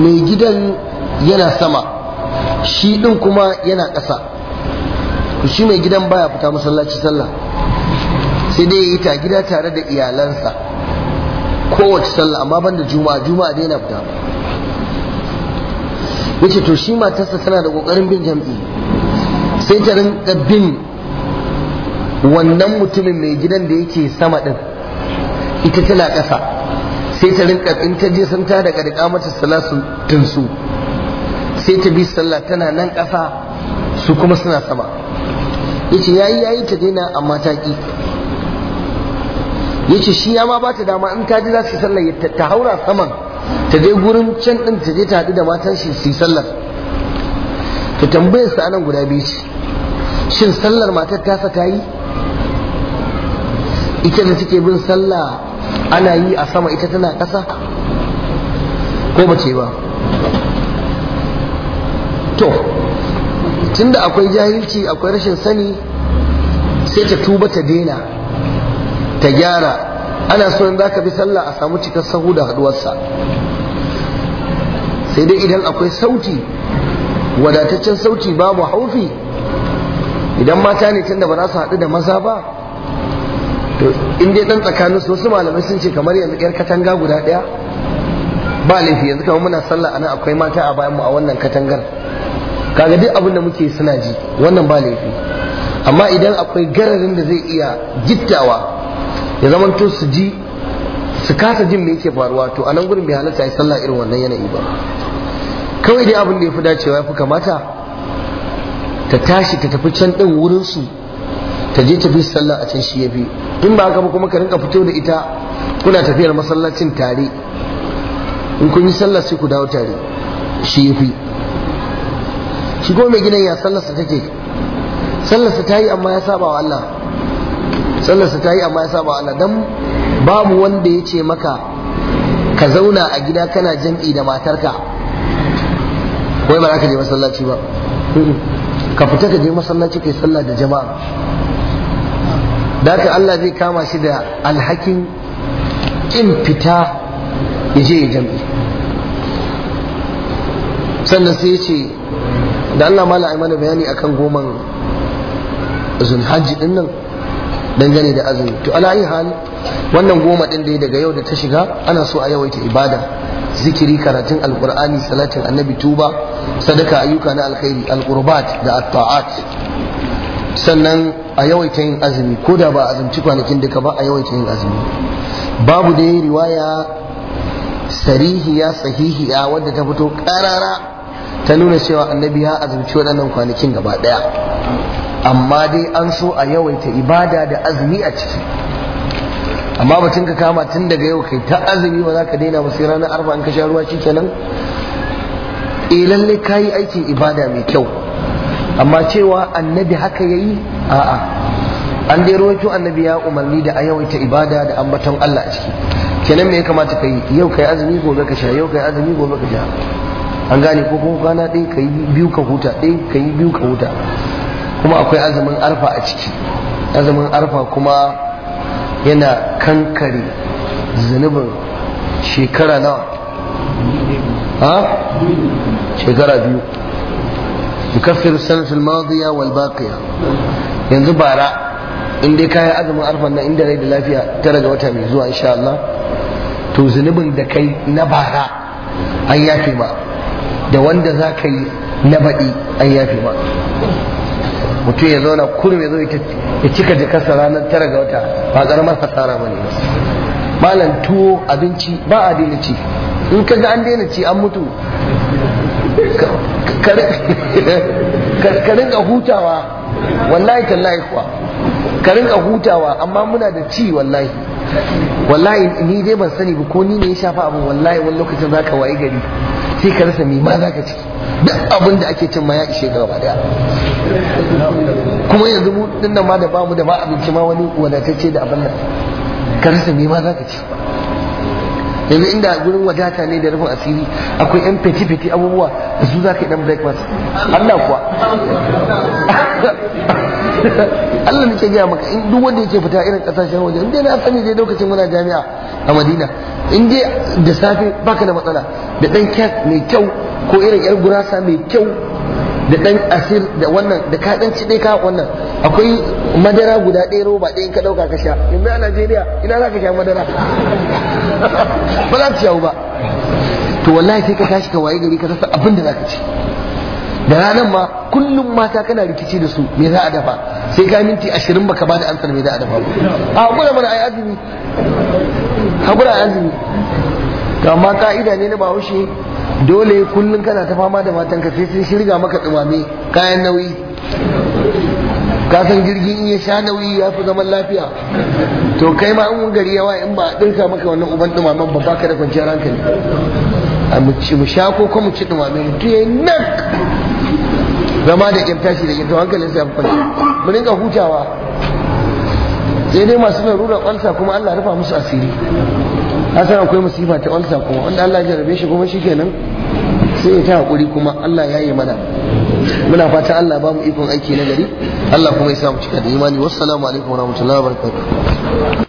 mai gidan yana sama shi ɗin kuma yana ƙasa shi mai gidan baya fita masallaci sallah sai dai ya yi ta gida tare da iyalansa kowace sallah amma ban da juma'a juma'a dai yana fita wace to shi matarsa tana da ƙoƙarin bin jam'i sai ta rinka bin wannan mutumin mai gidan da yake sama ɗin, ita tana ƙasa sai ta rinka in ta je sun ta daga rika mata tun su sai ta bi sallah tana nan ƙasa su kuma suna sama yace yayi yayi ta daina amma ta ki yace shi ya ma ba ta dama in ta ji za su sallah ta haura saman ta je gurin can din ta je ta haɗu da matan shi su sallar Ta tambayar su anan guda biyu ce shin sallar matar tasa ta yi ita da take bin sallah ana yi a sama ita tana ƙasa ko ba ce ba to tunda akwai jahilci akwai rashin sani sai ta tuba ta daina ta gyara ana so in zaka bi sallah a samu cikar sahu da haduwarsa sai dai idan akwai sauti wadataccen sauti babu haufi idan mata ne tunda ba za su haɗu da maza ba to in dai dan tsakanin su wasu malamai sun ce kamar yanzu yar katanga guda daya ba laifi yanzu kamar muna sallah anan akwai mata a bayan mu a wannan katangar kaga duk abin da muke suna ji wannan ba laifi amma idan akwai gararin da zai iya gittawa ya zama to su ji su kasa jin me yake faruwa to anan gurin bai halatta yi sallah irin wannan yanayi ba kawai dai abin da ya fi dacewa ya fi kamata ta tashi ta tafi can ɗin wurin su ta je ta bi sallah a can shi ya fi in ba haka ba kuma ka rinka fito da ita kuna tafiyar masallacin tare in kun yi sallah sai ku dawo tare shi ya fi shi ko mai gina ya sallarsa take sallarsa ta yi amma ya saba wa Allah sallarsa ta yi amma ya saba wa Allah dan babu wanda ya ce maka ka zauna a gida kana jam'i da matarka wai ba za ka je masallaci ba ka fita ka je masallaci kai sallah da jama'a da Allah zai kama shi da alhakin kin fita ya je ya jam'i sannan sai ya ce da Allah mala a mana bayani akan goman hajji din nan dangane da azumi to ala ayi hali wannan goma ɗin dai daga yau da ta shiga ana so a yawaita ibada zikiri karatun alkur'ani salatin annabi tuba sadaka ayyuka na alkhairi alqurbat da at sannan a yawaita yin azumi ko da ba azumci kwanakin duka ba a yawaita yin azumi babu da yi riwaya sarihiya sahihiya wadda ta fito karara ta nuna cewa annabi ya azumci waɗannan kwanakin gaba ɗaya amma dai an so a yawaita ibada da azumi a ciki amma batun ka kama tun daga yau kai ta azumi ba za ka daina ba sai ranar arba an ka sha ruwa kenan eh ka yi aikin ibada mai kyau amma cewa annabi haka yayi a'a an dai rawaito annabi ya umarni da a ibada da ambaton Allah a ciki kenan me ya kamata kai yau kai azumi gobe ka sha yau kai azumi gobe ka sha an gane ko kuma kwana ɗaya kai biyu ka huta ɗaya kai biyu ka huta kuma akwai azumin arfa a ciki azumin arfa kuma yana kankare zunubin shekara nawa ha shekara biyu yukaffiru sanatu al-madiya wal baqiya yanzu bara in dai kai azumin arfan nan inda rai da lafiya tara ga wata mai zuwa insha Allah zunubin da kai na bara an yafe ma da wanda za ka yi na baɗi an yafe ma mutum ya zauna kurum ya zo ya cika jikarsa ranar tara ga wata ba karamar hasara ba ne malam tuwo abinci ba a ci in ka ga an daina ci an mutu Karin a hutawa wallahi tallahi kuwa karin a hutawa amma muna da ci wallahi wallahi ni dai ban sani ba ko ni ne ya shafa abin wallahi wani lokacin za ka wayi gari sai ka rasa mi ma za ka ci duk abin da ake cin ma ya ishe gaba daya kuma yanzu mu dinnan ma da bamu da ba abinci ma wani wadatacce da abin nan ka rasa mi ma za ka ci yanzu inda gurin wadata ne da rufin asiri akwai yan feti-feti abubuwa da su za ka yi breakfast Allah kuwa Allah nake gaya maka in duk wanda yake fita irin kasashen waje in dai na sani dai lokacin muna jami'a a Madina in dai da safe baka da matsala da dan kek mai kyau ko irin yar gurasa mai kyau da dan asir da wannan da ka dan dai ka wannan akwai madara guda ɗaya roba ɗaya ka ɗauka ka sha yanzu a najeriya ina za ka sha madara ba za ka sha ba to wallahi sai ka tashi ka waye gari ka rasa abin da za ka ci da ranar ma kullum mata kana rikici da su me za a dafa sai ka minti ashirin baka da ansar me za a dafa a mana yi azumi a yi azumi to amma ka'ida ne na bahaushe dole kullum kana ta fama da matanka sai sun shirga maka tsumame kayan nauyi Kasan jirgin in ya sha nauyi ya fi zaman lafiya to kai ma in gari yawa in ba a ɗinka maka wannan uban ɗumamen ba baka da kwanciyar hankali a mu sha ko kuma ci dumamen to ya nan zama da ƙyar tashi da ƙyar hankalin sai ya mu dinga hutawa sai dai masu larurar ƙwalsa kuma Allah rufa musu asiri hasan akwai masifa ta ƙwalsa kuma wanda Allah ya jarabe shi kuma sai ta hakuri kuma Allah ya yi mana muna fata Allah ba mu ikon aiki na gari Allah kuma ya sa mu cika da imani wassalamu alaikum wa barakatuh